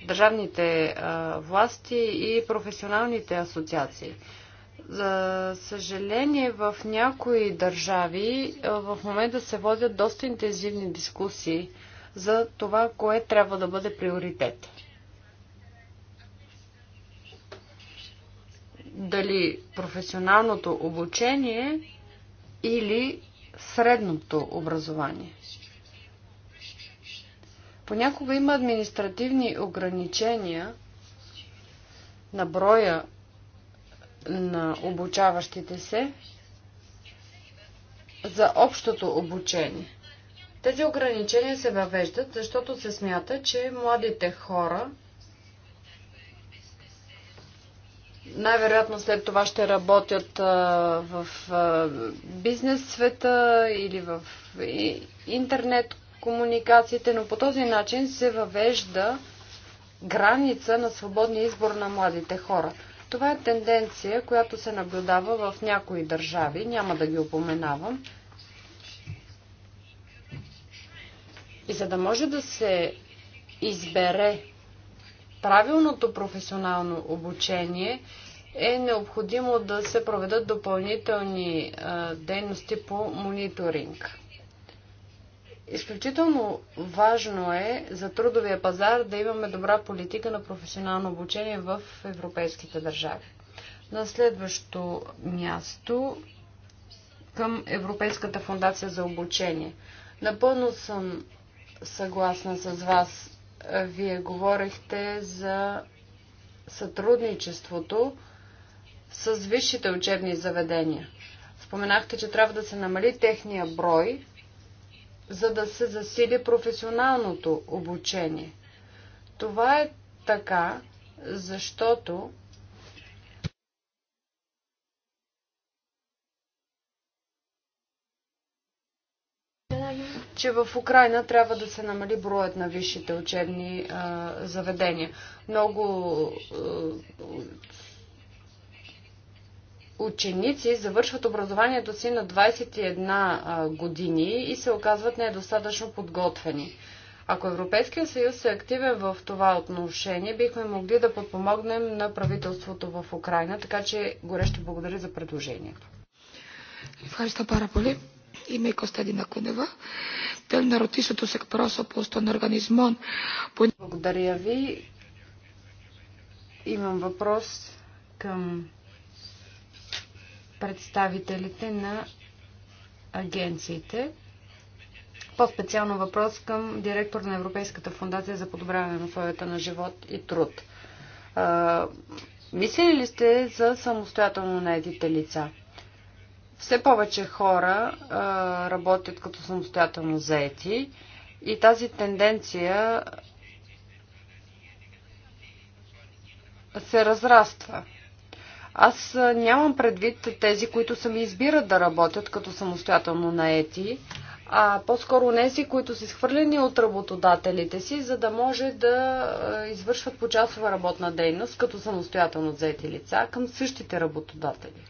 държавните власти и професионалните асоциации. За съжаление, в някои държави в момента се водят доста интензивни дискусии за това, кое трябва да бъде приоритет. Дали професионалното обучение или средното образование. Понякога има административни ограничения на броя на обучаващите се за общото обучение. Тези ограничения се въвеждат, защото се смята, че младите хора най-вероятно след това ще работят в бизнес света или в интернет комуникациите, но по този начин се въвежда граница на свободния избор на младите хора. Това е тенденция, която се наблюдава в някои държави, няма да ги упоменавам. И за да може да се избере правилното професионално обучение, е необходимо да се проведат допълнителни дейности по мониторинг. Изключително важно е за трудовия пазар да имаме добра политика на професионално обучение в европейските държави. На следващо място към Европейската фундация за обучение. Напълно съм съгласна с вас. Вие говорихте за сътрудничеството с висшите учебни заведения. Споменахте, че трябва да се намали техния брой, за да се засили професионалното обучение. Това е така, защото че в Украина трябва да се намали броят на висшите учебни а, заведения. Много а, ученици завършват образованието си на 21 години и се оказват недостатъчно подготвени. Ако Европейския съюз е активен в това отношение, бихме могли да подпомогнем на правителството в Украина, така че горещо благодаря за предложението. Ευχαριστώ πάρα πολύ. Είμαι η Κωνσταντίνα Κούνεβα. Θέλω να ρωτήσω τους εκπρόσωπους των οργανισμών που... Благодаря ви. Имам въпрос към представителите на агенциите. По-специално въпрос към директор на Европейската фундация за подобряване на условията на живот и труд. А, мислили ли сте за самостоятелно наедите лица? Все повече хора а, работят като самостоятелно заети и тази тенденция се разраства. Аз нямам предвид тези, които сами избират да работят като самостоятелно наети, а по-скоро нези, които са изхвърлени от работодателите си, за да може да извършват почасова работна дейност като самостоятелно заети лица към същите работодатели.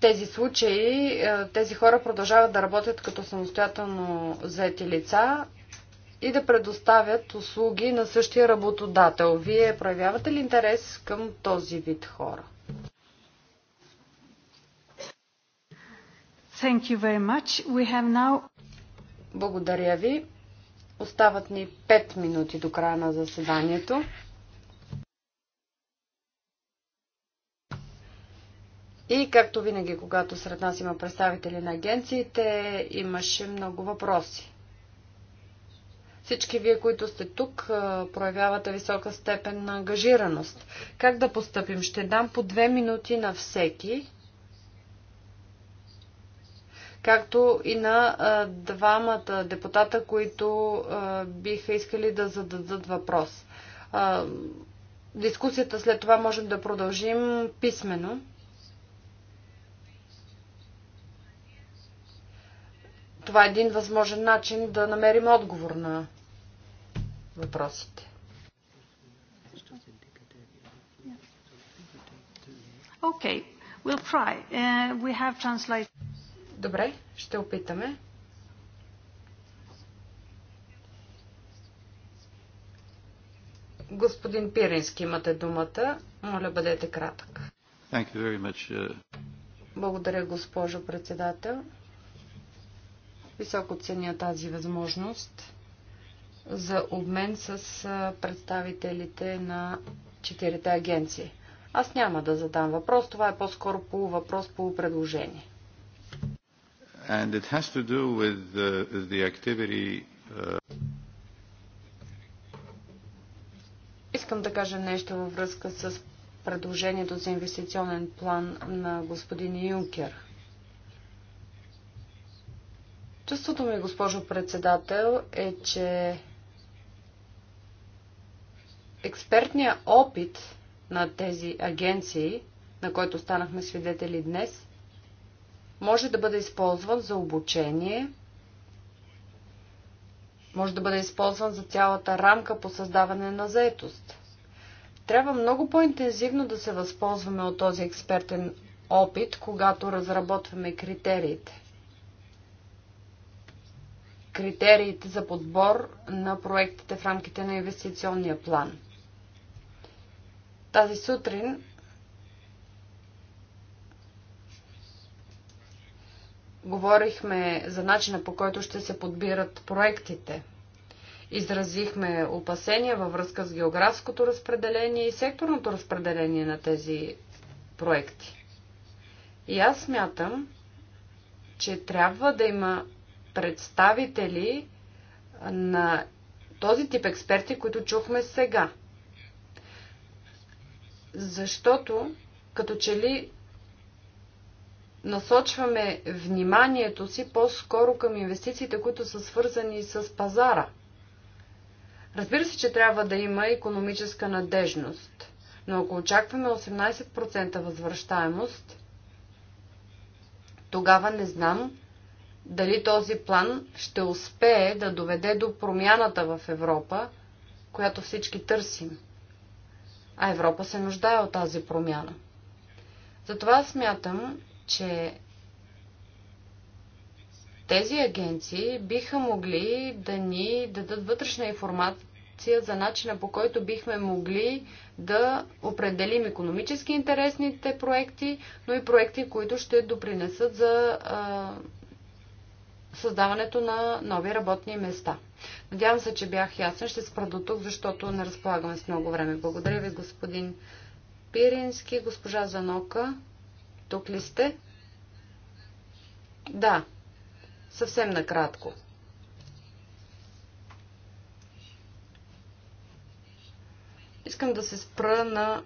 тези случаи е, тези хора продължават да работят като самостоятелно заети лица и да предоставят услуги на същия работодател. Вие проявявате ли интерес към този вид хора? Thank you very much. We have now... Благодаря ви. Остават ни 5 минути до края на заседанието. И както винаги, когато сред нас има представители на агенциите, имаше много въпроси. Всички вие, които сте тук, проявявате висока степен на ангажираност. Как да постъпим? Ще дам по две минути на всеки, както и на двамата депутата, които биха искали да зададат въпрос. дискусията след това можем да продължим писменно. Това е един възможен начин да намерим отговор на въпросите. Okay, we'll try. Uh, we have translate. Добре, ще опитаме. Господин Пирински, имате думата. Моля, бъдете кратък. Thank you very much. Uh, Благодаря, госпожо председател. Високо ценя тази възможност за обмен с представителите на четирите агенции. Аз няма да задам въпрос, това е по-скоро по въпрос по предложение. And it has to do with the, the activity, uh... Искам да кажа нещо във връзка с предложението за инвестиционен план на господин Юнкер. Чувството ми, госпожо председател, е, че експертният опит на тези агенции, на който станахме свидетели днес, може да бъде използван за обучение, може да бъде използван за цялата рамка по създаване на заетост. Трябва много по-интензивно да се възползваме от този експертен опит, когато разработваме критериите критериите за подбор на проектите в рамките на инвестиционния план. Тази сутрин говорихме за начина по който ще се подбират проектите. Изразихме опасения във връзка с географското разпределение и секторното разпределение на тези проекти. И аз смятам, че трябва да има представители на този тип експерти, които чухме сега. Защото като че ли насочваме вниманието си по-скоро към инвестициите, които са свързани с пазара. Разбира се, че трябва да има економическа надежност, но ако очакваме 18% възвръщаемост, тогава не знам дали този план ще успее да доведе до промяната в Европа, която всички търсим. А Европа се нуждае от тази промяна. Затова смятам, че тези агенции биха могли да ни дадат вътрешна информация за начина по който бихме могли да определим економически интересните проекти, но и проекти, които ще допринесат за създаването на нови работни места. Надявам се, че бях ясен. Ще спра до тук, защото не разполагаме с много време. Благодаря ви, господин Пирински, госпожа Занока. Тук ли сте? Да, съвсем накратко. Искам да се спра на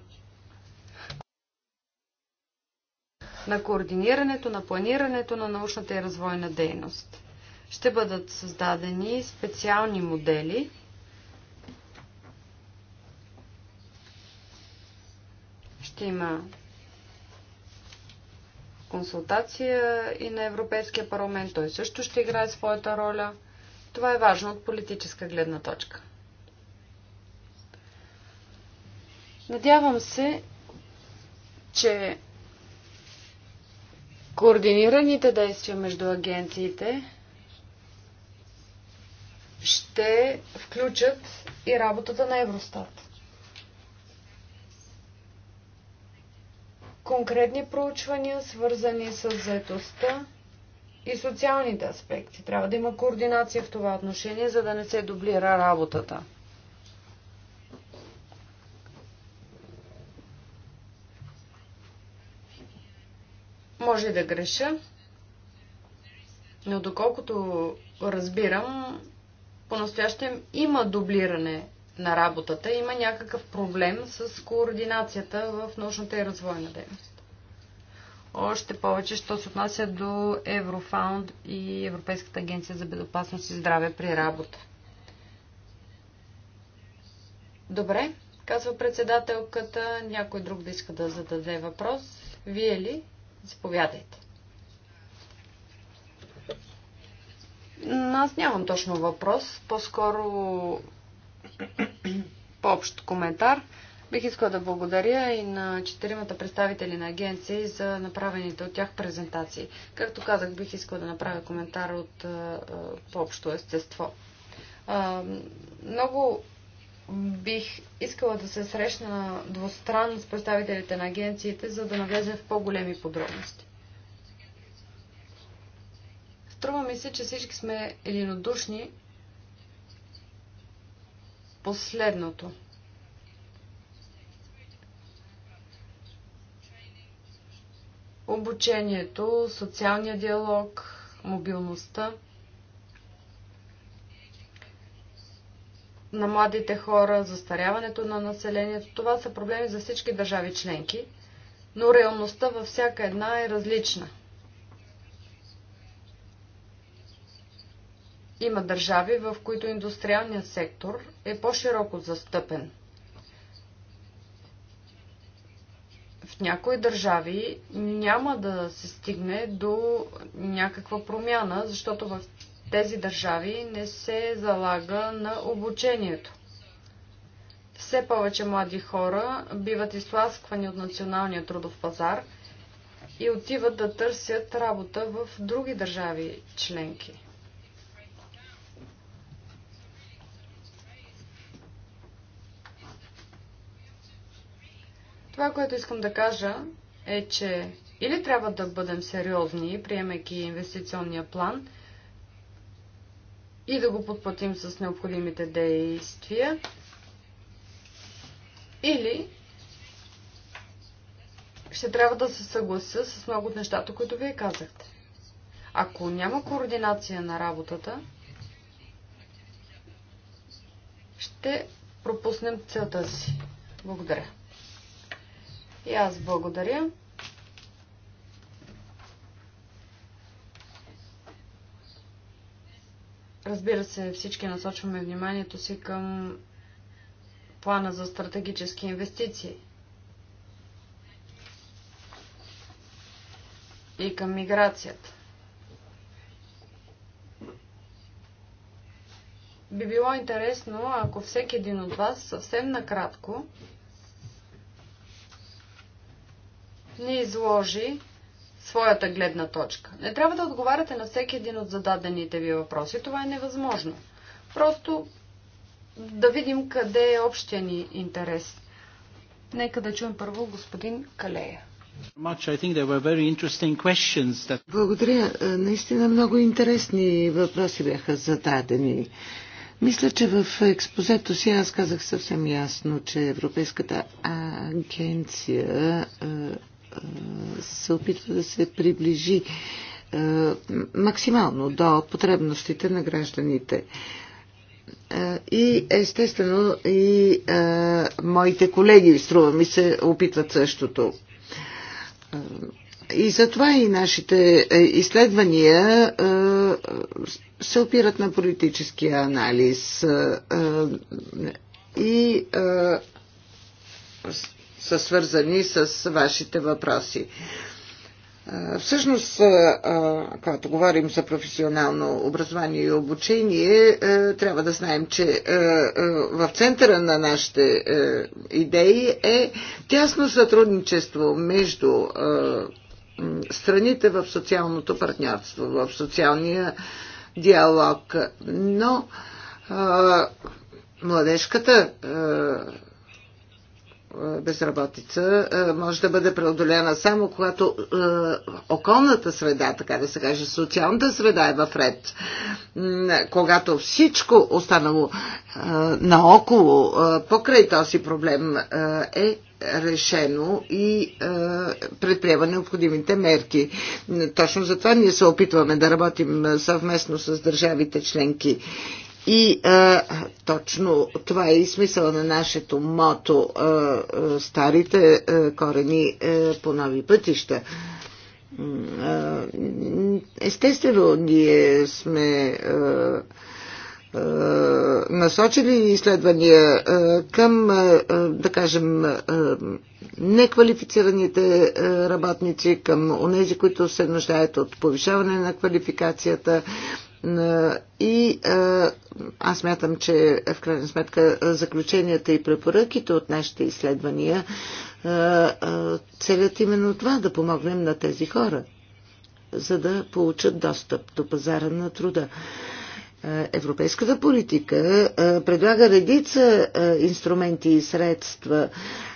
на координирането, на планирането на научната и развойна дейност. Ще бъдат създадени специални модели, ще има консултация и на Европейския парламент. Той също ще играе своята роля. Това е важно от политическа гледна точка. Надявам се, че Координираните действия между агенциите ще включат и работата на Евростат. Конкретни проучвания, свързани с заетостта и социалните аспекти. Трябва да има координация в това отношение, за да не се дублира работата. Може да греша, но доколкото разбирам, по-настоящем има дублиране на работата, има някакъв проблем с координацията в научната и развойна дейност. Още повече, що се отнася до Еврофаунд и Европейската агенция за безопасност и здраве при работа. Добре, казва председателката. Някой друг да иска да зададе въпрос. Вие ли? Заповядайте. Аз нямам точно въпрос, по-скоро [CLEARS THROAT] по-общ коментар. Бих искала да благодаря и на четиримата представители на агенции за направените от тях презентации. Както казах, бих искала да направя коментар от по-общо естество. Много бих искала да се срещна двустранно с представителите на агенциите, за да навлезе в по-големи подробности. Струва ми се, че всички сме единодушни последното. Обучението, социалния диалог, мобилността – на младите хора, застаряването на населението. Това са проблеми за всички държави членки, но реалността във всяка една е различна. Има държави, в които индустриалният сектор е по-широко застъпен. В някои държави няма да се стигне до някаква промяна, защото в тези държави не се залага на обучението. Все повече млади хора биват изтласквани от националния трудов пазар и отиват да търсят работа в други държави членки. Това, което искам да кажа, е, че или трябва да бъдем сериозни, приемайки инвестиционния план – и да го подплатим с необходимите действия. Или ще трябва да се съглася с много от нещата, които вие казахте. Ако няма координация на работата, ще пропуснем целта си. Благодаря. И аз благодаря. Разбира се, всички насочваме вниманието си към плана за стратегически инвестиции и към миграцията. Би било интересно, ако всеки един от вас съвсем накратко ни изложи своята гледна точка. Не трябва да отговаряте на всеки един от зададените ви въпроси. Това е невъзможно. Просто да видим къде е общия ни интерес. Нека да чуем първо господин Калея. Благодаря. Е, наистина много интересни въпроси бяха зададени. Мисля, че в експозето си аз казах съвсем ясно, че Европейската агенция е, се опитва да се приближи е, максимално до потребностите на гражданите. Е, и естествено и е, моите колеги, струва ми се, опитват същото. И затова и нашите изследвания се опират на политическия анализ. И са свързани с вашите въпроси. Всъщност, когато говорим за професионално образование и обучение, трябва да знаем, че в центъра на нашите идеи е тясно сътрудничество между страните в социалното партньорство, в социалния диалог. Но младежката е, безработица е, може да бъде преодолена само когато е, околната среда, така да се каже, социалната среда е в ред. Когато всичко останало наоколо, покрай този проблем е решено и е, предприема необходимите мерки. Точно затова ние се опитваме да работим съвместно с държавите членки и а, точно това е и смисъл на нашето мото а, а, старите а, корени а, по нови пътища. естествено, ние сме а, а, насочили изследвания а, към, а, да кажем, а, неквалифицираните работници, към онези, които се нуждаят от повишаване на квалификацията и аз мятам, че в крайна сметка заключенията и препоръките от нашите изследвания целят именно това да помогнем на тези хора, за да получат достъп до пазара на труда. Европейската политика предлага редица инструменти и средства.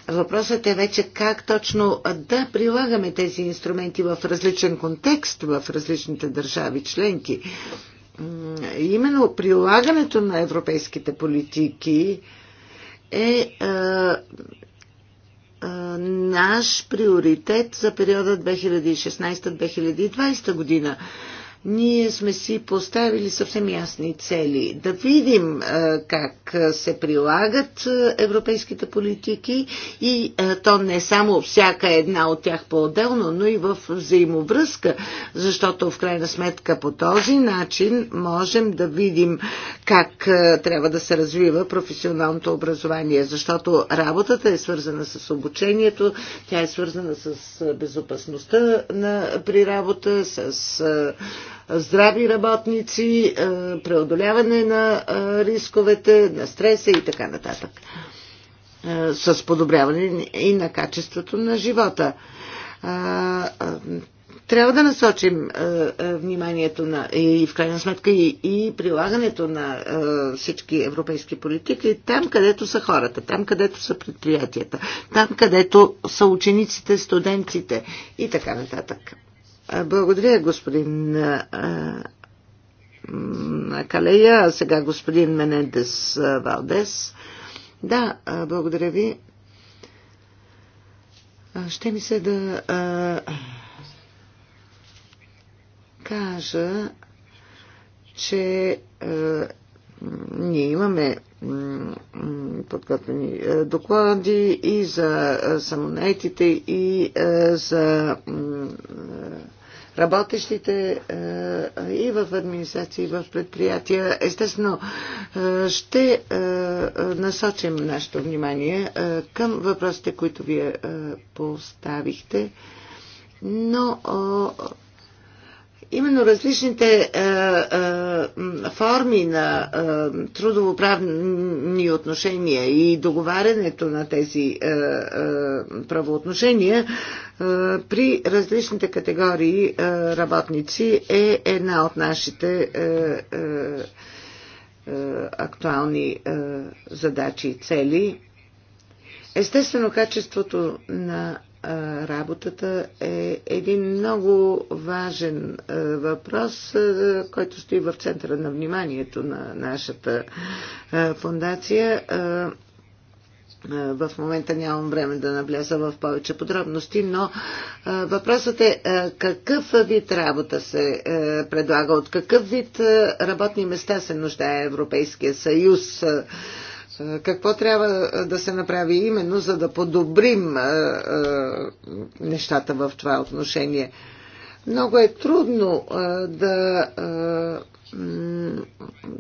Въпросът е вече как точно да прилагаме тези инструменти в различен контекст, в различните държави членки именно прилагането на европейските политики е, е, е наш приоритет за периода 2016-2020 година ние сме си поставили съвсем ясни цели. Да видим как се прилагат европейските политики и то не само всяка една от тях по-отделно, но и в взаимовръзка, защото в крайна сметка по този начин можем да видим как трябва да се развива професионалното образование, защото работата е свързана с обучението, тя е свързана с безопасността на, при работа, с здрави работници, е, преодоляване на е, рисковете, на стреса и така нататък. Е, с подобряване и на качеството на живота. Трябва да насочим вниманието на и в крайна сметка и, и прилагането на всички европейски политики там, където са хората, там, където са предприятията, там, където са учениците, студентите и така нататък. Благодаря, господин Калея, а сега господин Менендес Валдес. Да, благодаря ви. Ще ми се да кажа, че ние имаме подготвени е, доклади и за е, самонетите, и е, за работещите и в администрации, и в предприятия. Естествено, ще насочим нашето внимание към въпросите, които вие поставихте, но Именно различните е, е, форми на е, трудовоправни отношения и договарянето на тези е, е, правоотношения е, при различните категории е, работници е една от нашите е, е, е актуални е, задачи и цели. Естествено, качеството на работата е един много важен въпрос, който стои в центъра на вниманието на нашата фундация. В момента нямам време да навляза в повече подробности, но въпросът е какъв вид работа се предлага, от какъв вид работни места се нуждае Европейския съюз е, какво трябва е, да се направи именно, за да подобрим е, нещата в това отношение? Много е трудно да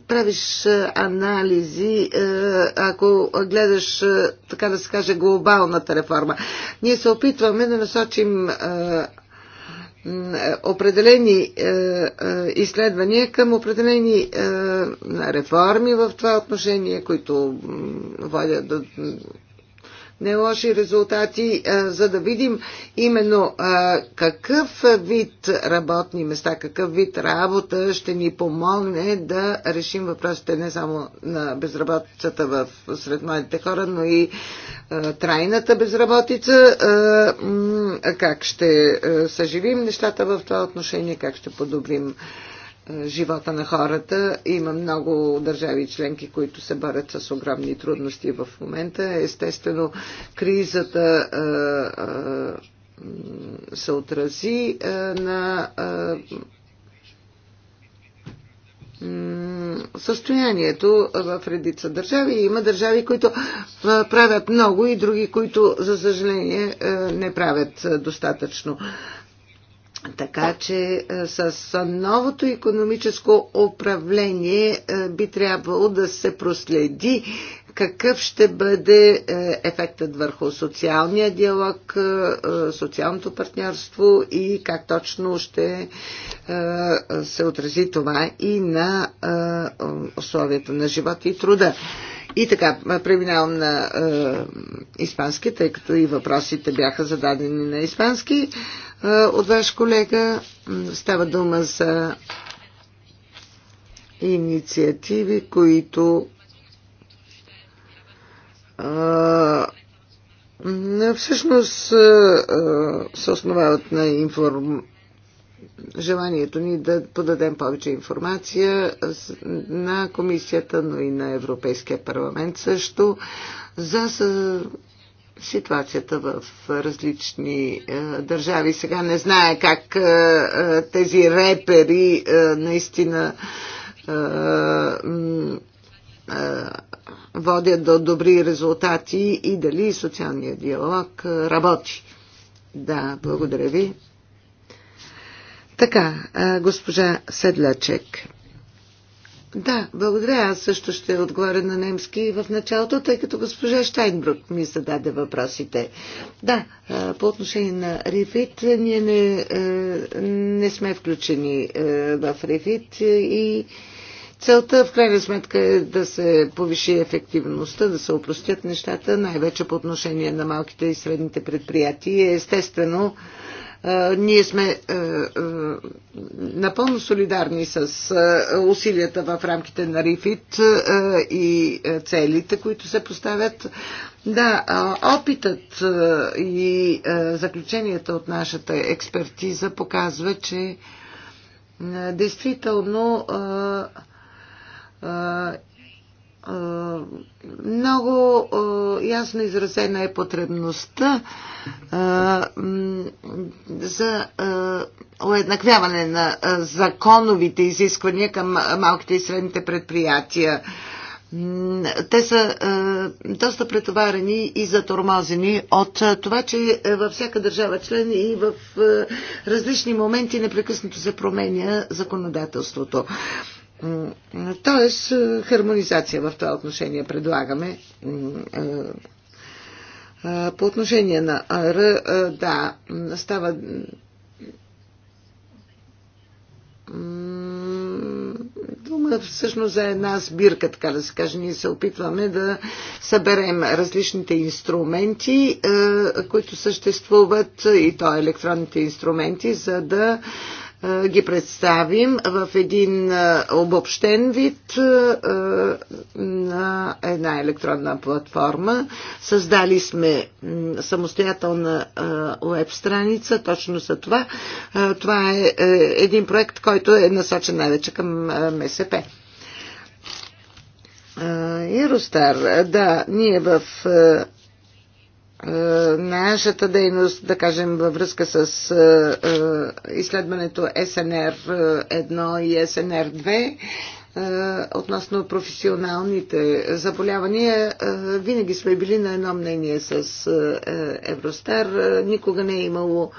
правиш анализи, ако гледаш, така да се каже, глобалната реформа. Ние се опитваме да насочим определени е, е, изследвания към определени е, реформи в това отношение, които водят до не лоши резултати, за да видим именно какъв вид работни места, какъв вид работа ще ни помогне да решим въпросите не само на безработицата в, сред младите хора, но и трайната безработица, как ще съживим нещата в това отношение, как ще подобрим живота на хората. Има много държави членки, които се борят с огромни трудности в момента. Естествено, кризата се отрази на състоянието в редица държави. Има държави, които правят много и други, които, за съжаление, не правят достатъчно. Така че е, с новото економическо управление е, би трябвало да се проследи какъв ще бъде е, ефектът върху социалния диалог, социалното партньорство и как точно ще се отрази това и на условията на живота и труда. И така, преминавам на е, испански, тъй като и въпросите бяха зададени на испански. Е, е, от ваш колега. Става дума за инициативи, които всъщност е, е, се основават на информ... желанието ни да подадем повече информация на комисията, но и на Европейския парламент също за ситуацията в различни е, държави. Сега не знае как е, е тези репери е, наистина е, е, водят до добри резултати и дали социалният диалог е, работи. Да, благодаря ви. Така, е, госпожа Седлячек. Да, благодаря. Аз също ще отговоря на немски в началото, тъй като госпожа Штайнбрук ми зададе въпросите. Да, по отношение на Рефит, ние не, не сме включени в Рефит и целта в крайна сметка е да се повиши ефективността, да се опростят нещата, най-вече по отношение на малките и средните предприятия. Естествено, е, ние сме е, е, напълно солидарни с усилията в рамките на Рифит и целите, които се поставят. Да, опитът и заключенията от нашата експертиза показва, че действително много ясно изразена е потребността за уеднаквяване на законовите изисквания към малките и средните предприятия. Те са е, доста претоварени и затормозени от това, че във всяка държава член и в е, различни моменти непрекъснато се променя законодателството. Тоест, е, хармонизация в това отношение предлагаме. Е, е, по отношение на Р, да, става дума всъщност за една сбирка, така да се каже. Ние се опитваме да съберем различните инструменти, които съществуват, и то електронните инструменти, за да ги представим в един обобщен вид на една електронна платформа. Създали сме самостоятелна веб страница точно за това. Това е, е един проект, който е насочен най-вече към МСП. Иростар, да, ние в е, нашата дейност, да кажем, във връзка с е, е, изследването СНР-1 и СНР-2, относно професионалните заболявания, винаги сме били на едно мнение с Евростар. Никога не е имало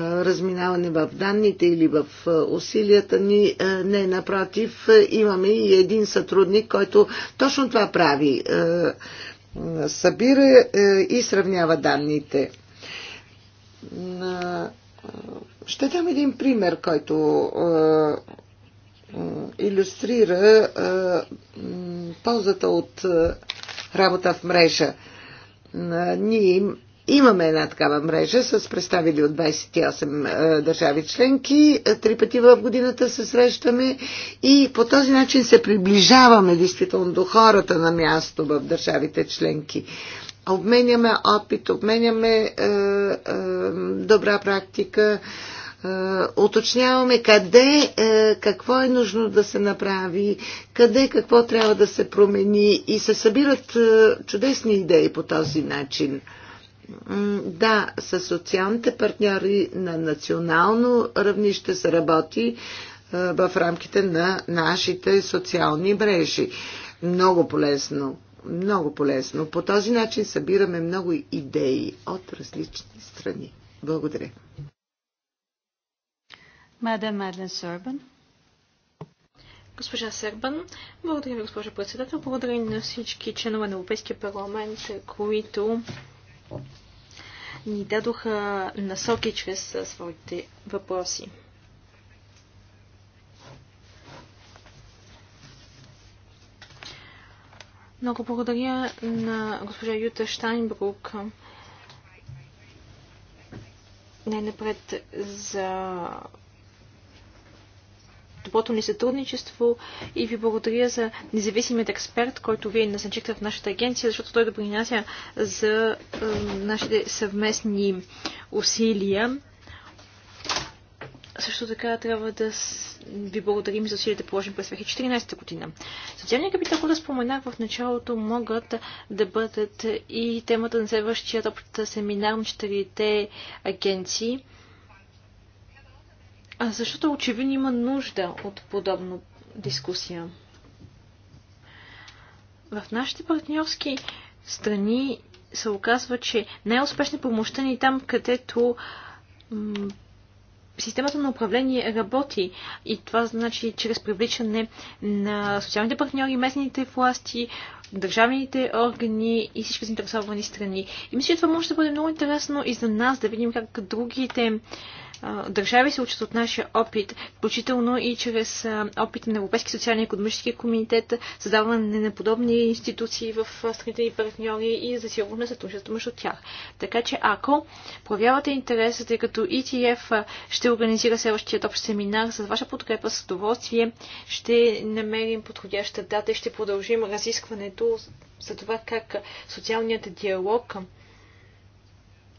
разминаване в данните или в усилията ни. Не, напротив, имаме и един сътрудник, който точно това прави събира е, и сравнява данните. Е, ще дам един пример, който е, иллюстрира ползата от работа в мрежа. Ние Имаме една такава мрежа с представили от 28 е, държави членки. Е, три пъти в годината се срещаме и по този начин се приближаваме действително до хората на място в държавите членки. Обменяме опит, обменяме е, е, добра практика, е, уточняваме къде е, какво е нужно да се направи, къде какво трябва да се промени и се събират е, чудесни идеи по този начин. Да, с социалните партньори на национално равнище се работи е, в рамките на нашите социални мрежи. Много полезно. Много полезно. По този начин събираме много идеи от различни страни. Благодаря. Мадам Мадлен Сърбан. Госпожа Сърбан, благодаря ви, госпожа председател. Благодаря на всички членове на Европейския парламент, които ни дадоха насоки чрез своите въпроси. Много благодаря на госпожа Юта Штайнбрук най-напред за доброто ни сътрудничество и ви благодаря за независимият експерт, който вие назначихте в нашата агенция, защото той допринася за е, нашите съвместни усилия. Също така трябва да ви благодарим за усилията положени през 2014 година. Социалния капитал, който споменах в началото, могат да бъдат и темата на следващия опит семинар на четирите агенции. Защото очевидно има нужда от подобна дискусия. В нашите партньорски страни се оказва, че най-успешна помощта ни е там, където системата на управление работи. И това значи чрез привличане на социалните партньори, местните власти, държавните органи и всички заинтересовани страни. И мисля, че това може да бъде много интересно и за нас да видим как другите държави се учат от нашия опит, включително и чрез опит на Европейски социални и економически комитет, създаване на подобни институции в страните ни партньори и засилване на сътрудничеството между тях. Така че ако проявявате интерес, тъй като ETF ще организира следващият общ семинар, с ваша подкрепа, с удоволствие ще намерим подходяща дата и ще продължим разискването за това как социалният диалог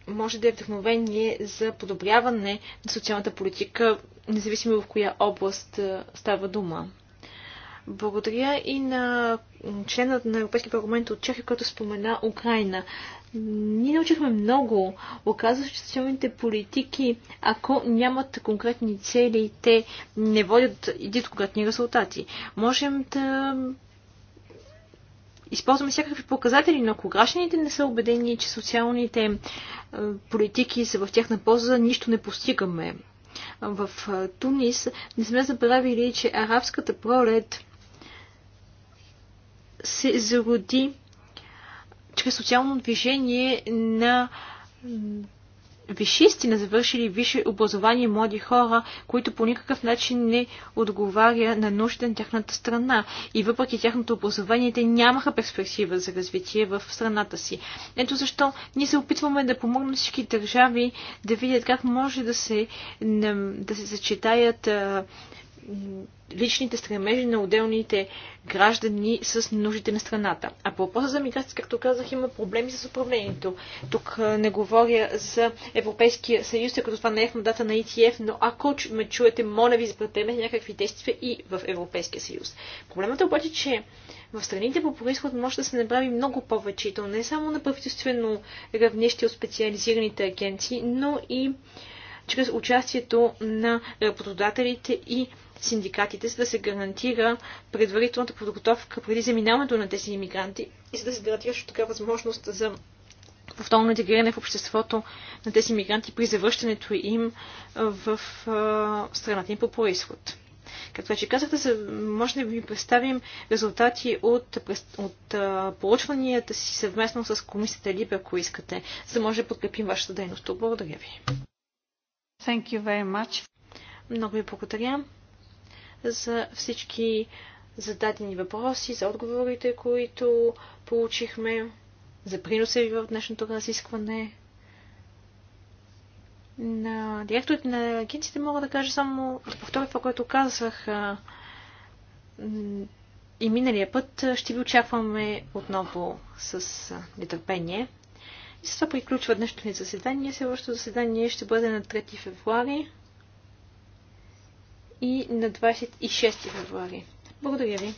може да е вдъхновение за подобряване на социалната политика, независимо в коя област е, става дума. Благодаря и на членът на Европейския парламент от Чехия, който спомена Украина. Ние научихме много. Оказва се, че социалните политики, ако нямат конкретни цели, те не водят от конкретни резултати. Можем да използваме всякакви показатели, но ако гражданите не са убедени, че социалните е, политики са в тяхна полза, нищо не постигаме. В е, Тунис не сме забравили, че арабската пролет се зароди чрез социално движение на вишисти, на завършили висше образование млади хора, които по никакъв начин не отговаря на нуждите на тяхната страна. И въпреки тяхното образование, те нямаха перспектива за развитие в страната си. Ето защо ние се опитваме да помогнем всички държави да видят как може да се, да се съчетаят личните стремежи на отделните граждани с нуждите на страната. А по въпроса за миграция, както казах, има проблеми с управлението. Тук не говоря за Европейския съюз, тъй като това не е в мандата на ИТФ, но ако ме чуете, моля ви, запретеме някакви действия и в Европейския съюз. Проблемът е обаче, че в страните по происход може да се направи много повече, то не само на правителствено равнище от специализираните агенции, но и чрез участието на е, работодателите и синдикатите, за да се гарантира предварителната подготовка преди заминаването на тези иммигранти и за да се гарантира също така възможност за повторно интегриране в обществото на тези иммигранти при завръщането им е, в е, страната им по происход. Както вече се, може да ви представим резултати от, от получванията си съвместно с комисията Либе, ако искате, за да може да подкрепим вашата дейност. Благодаря ви. Thank you very much. Много ви благодаря за всички зададени въпроси, за отговорите, които получихме, за приноса ви в днешното разискване. На директорите на агенциите мога да кажа само, да повторя това, което казах и миналия път. Ще ви очакваме отново с нетърпение. И с това приключва днешното ни заседание. Следващото заседание ще бъде на 3 февруари и на 26 февруари. Благодаря ви.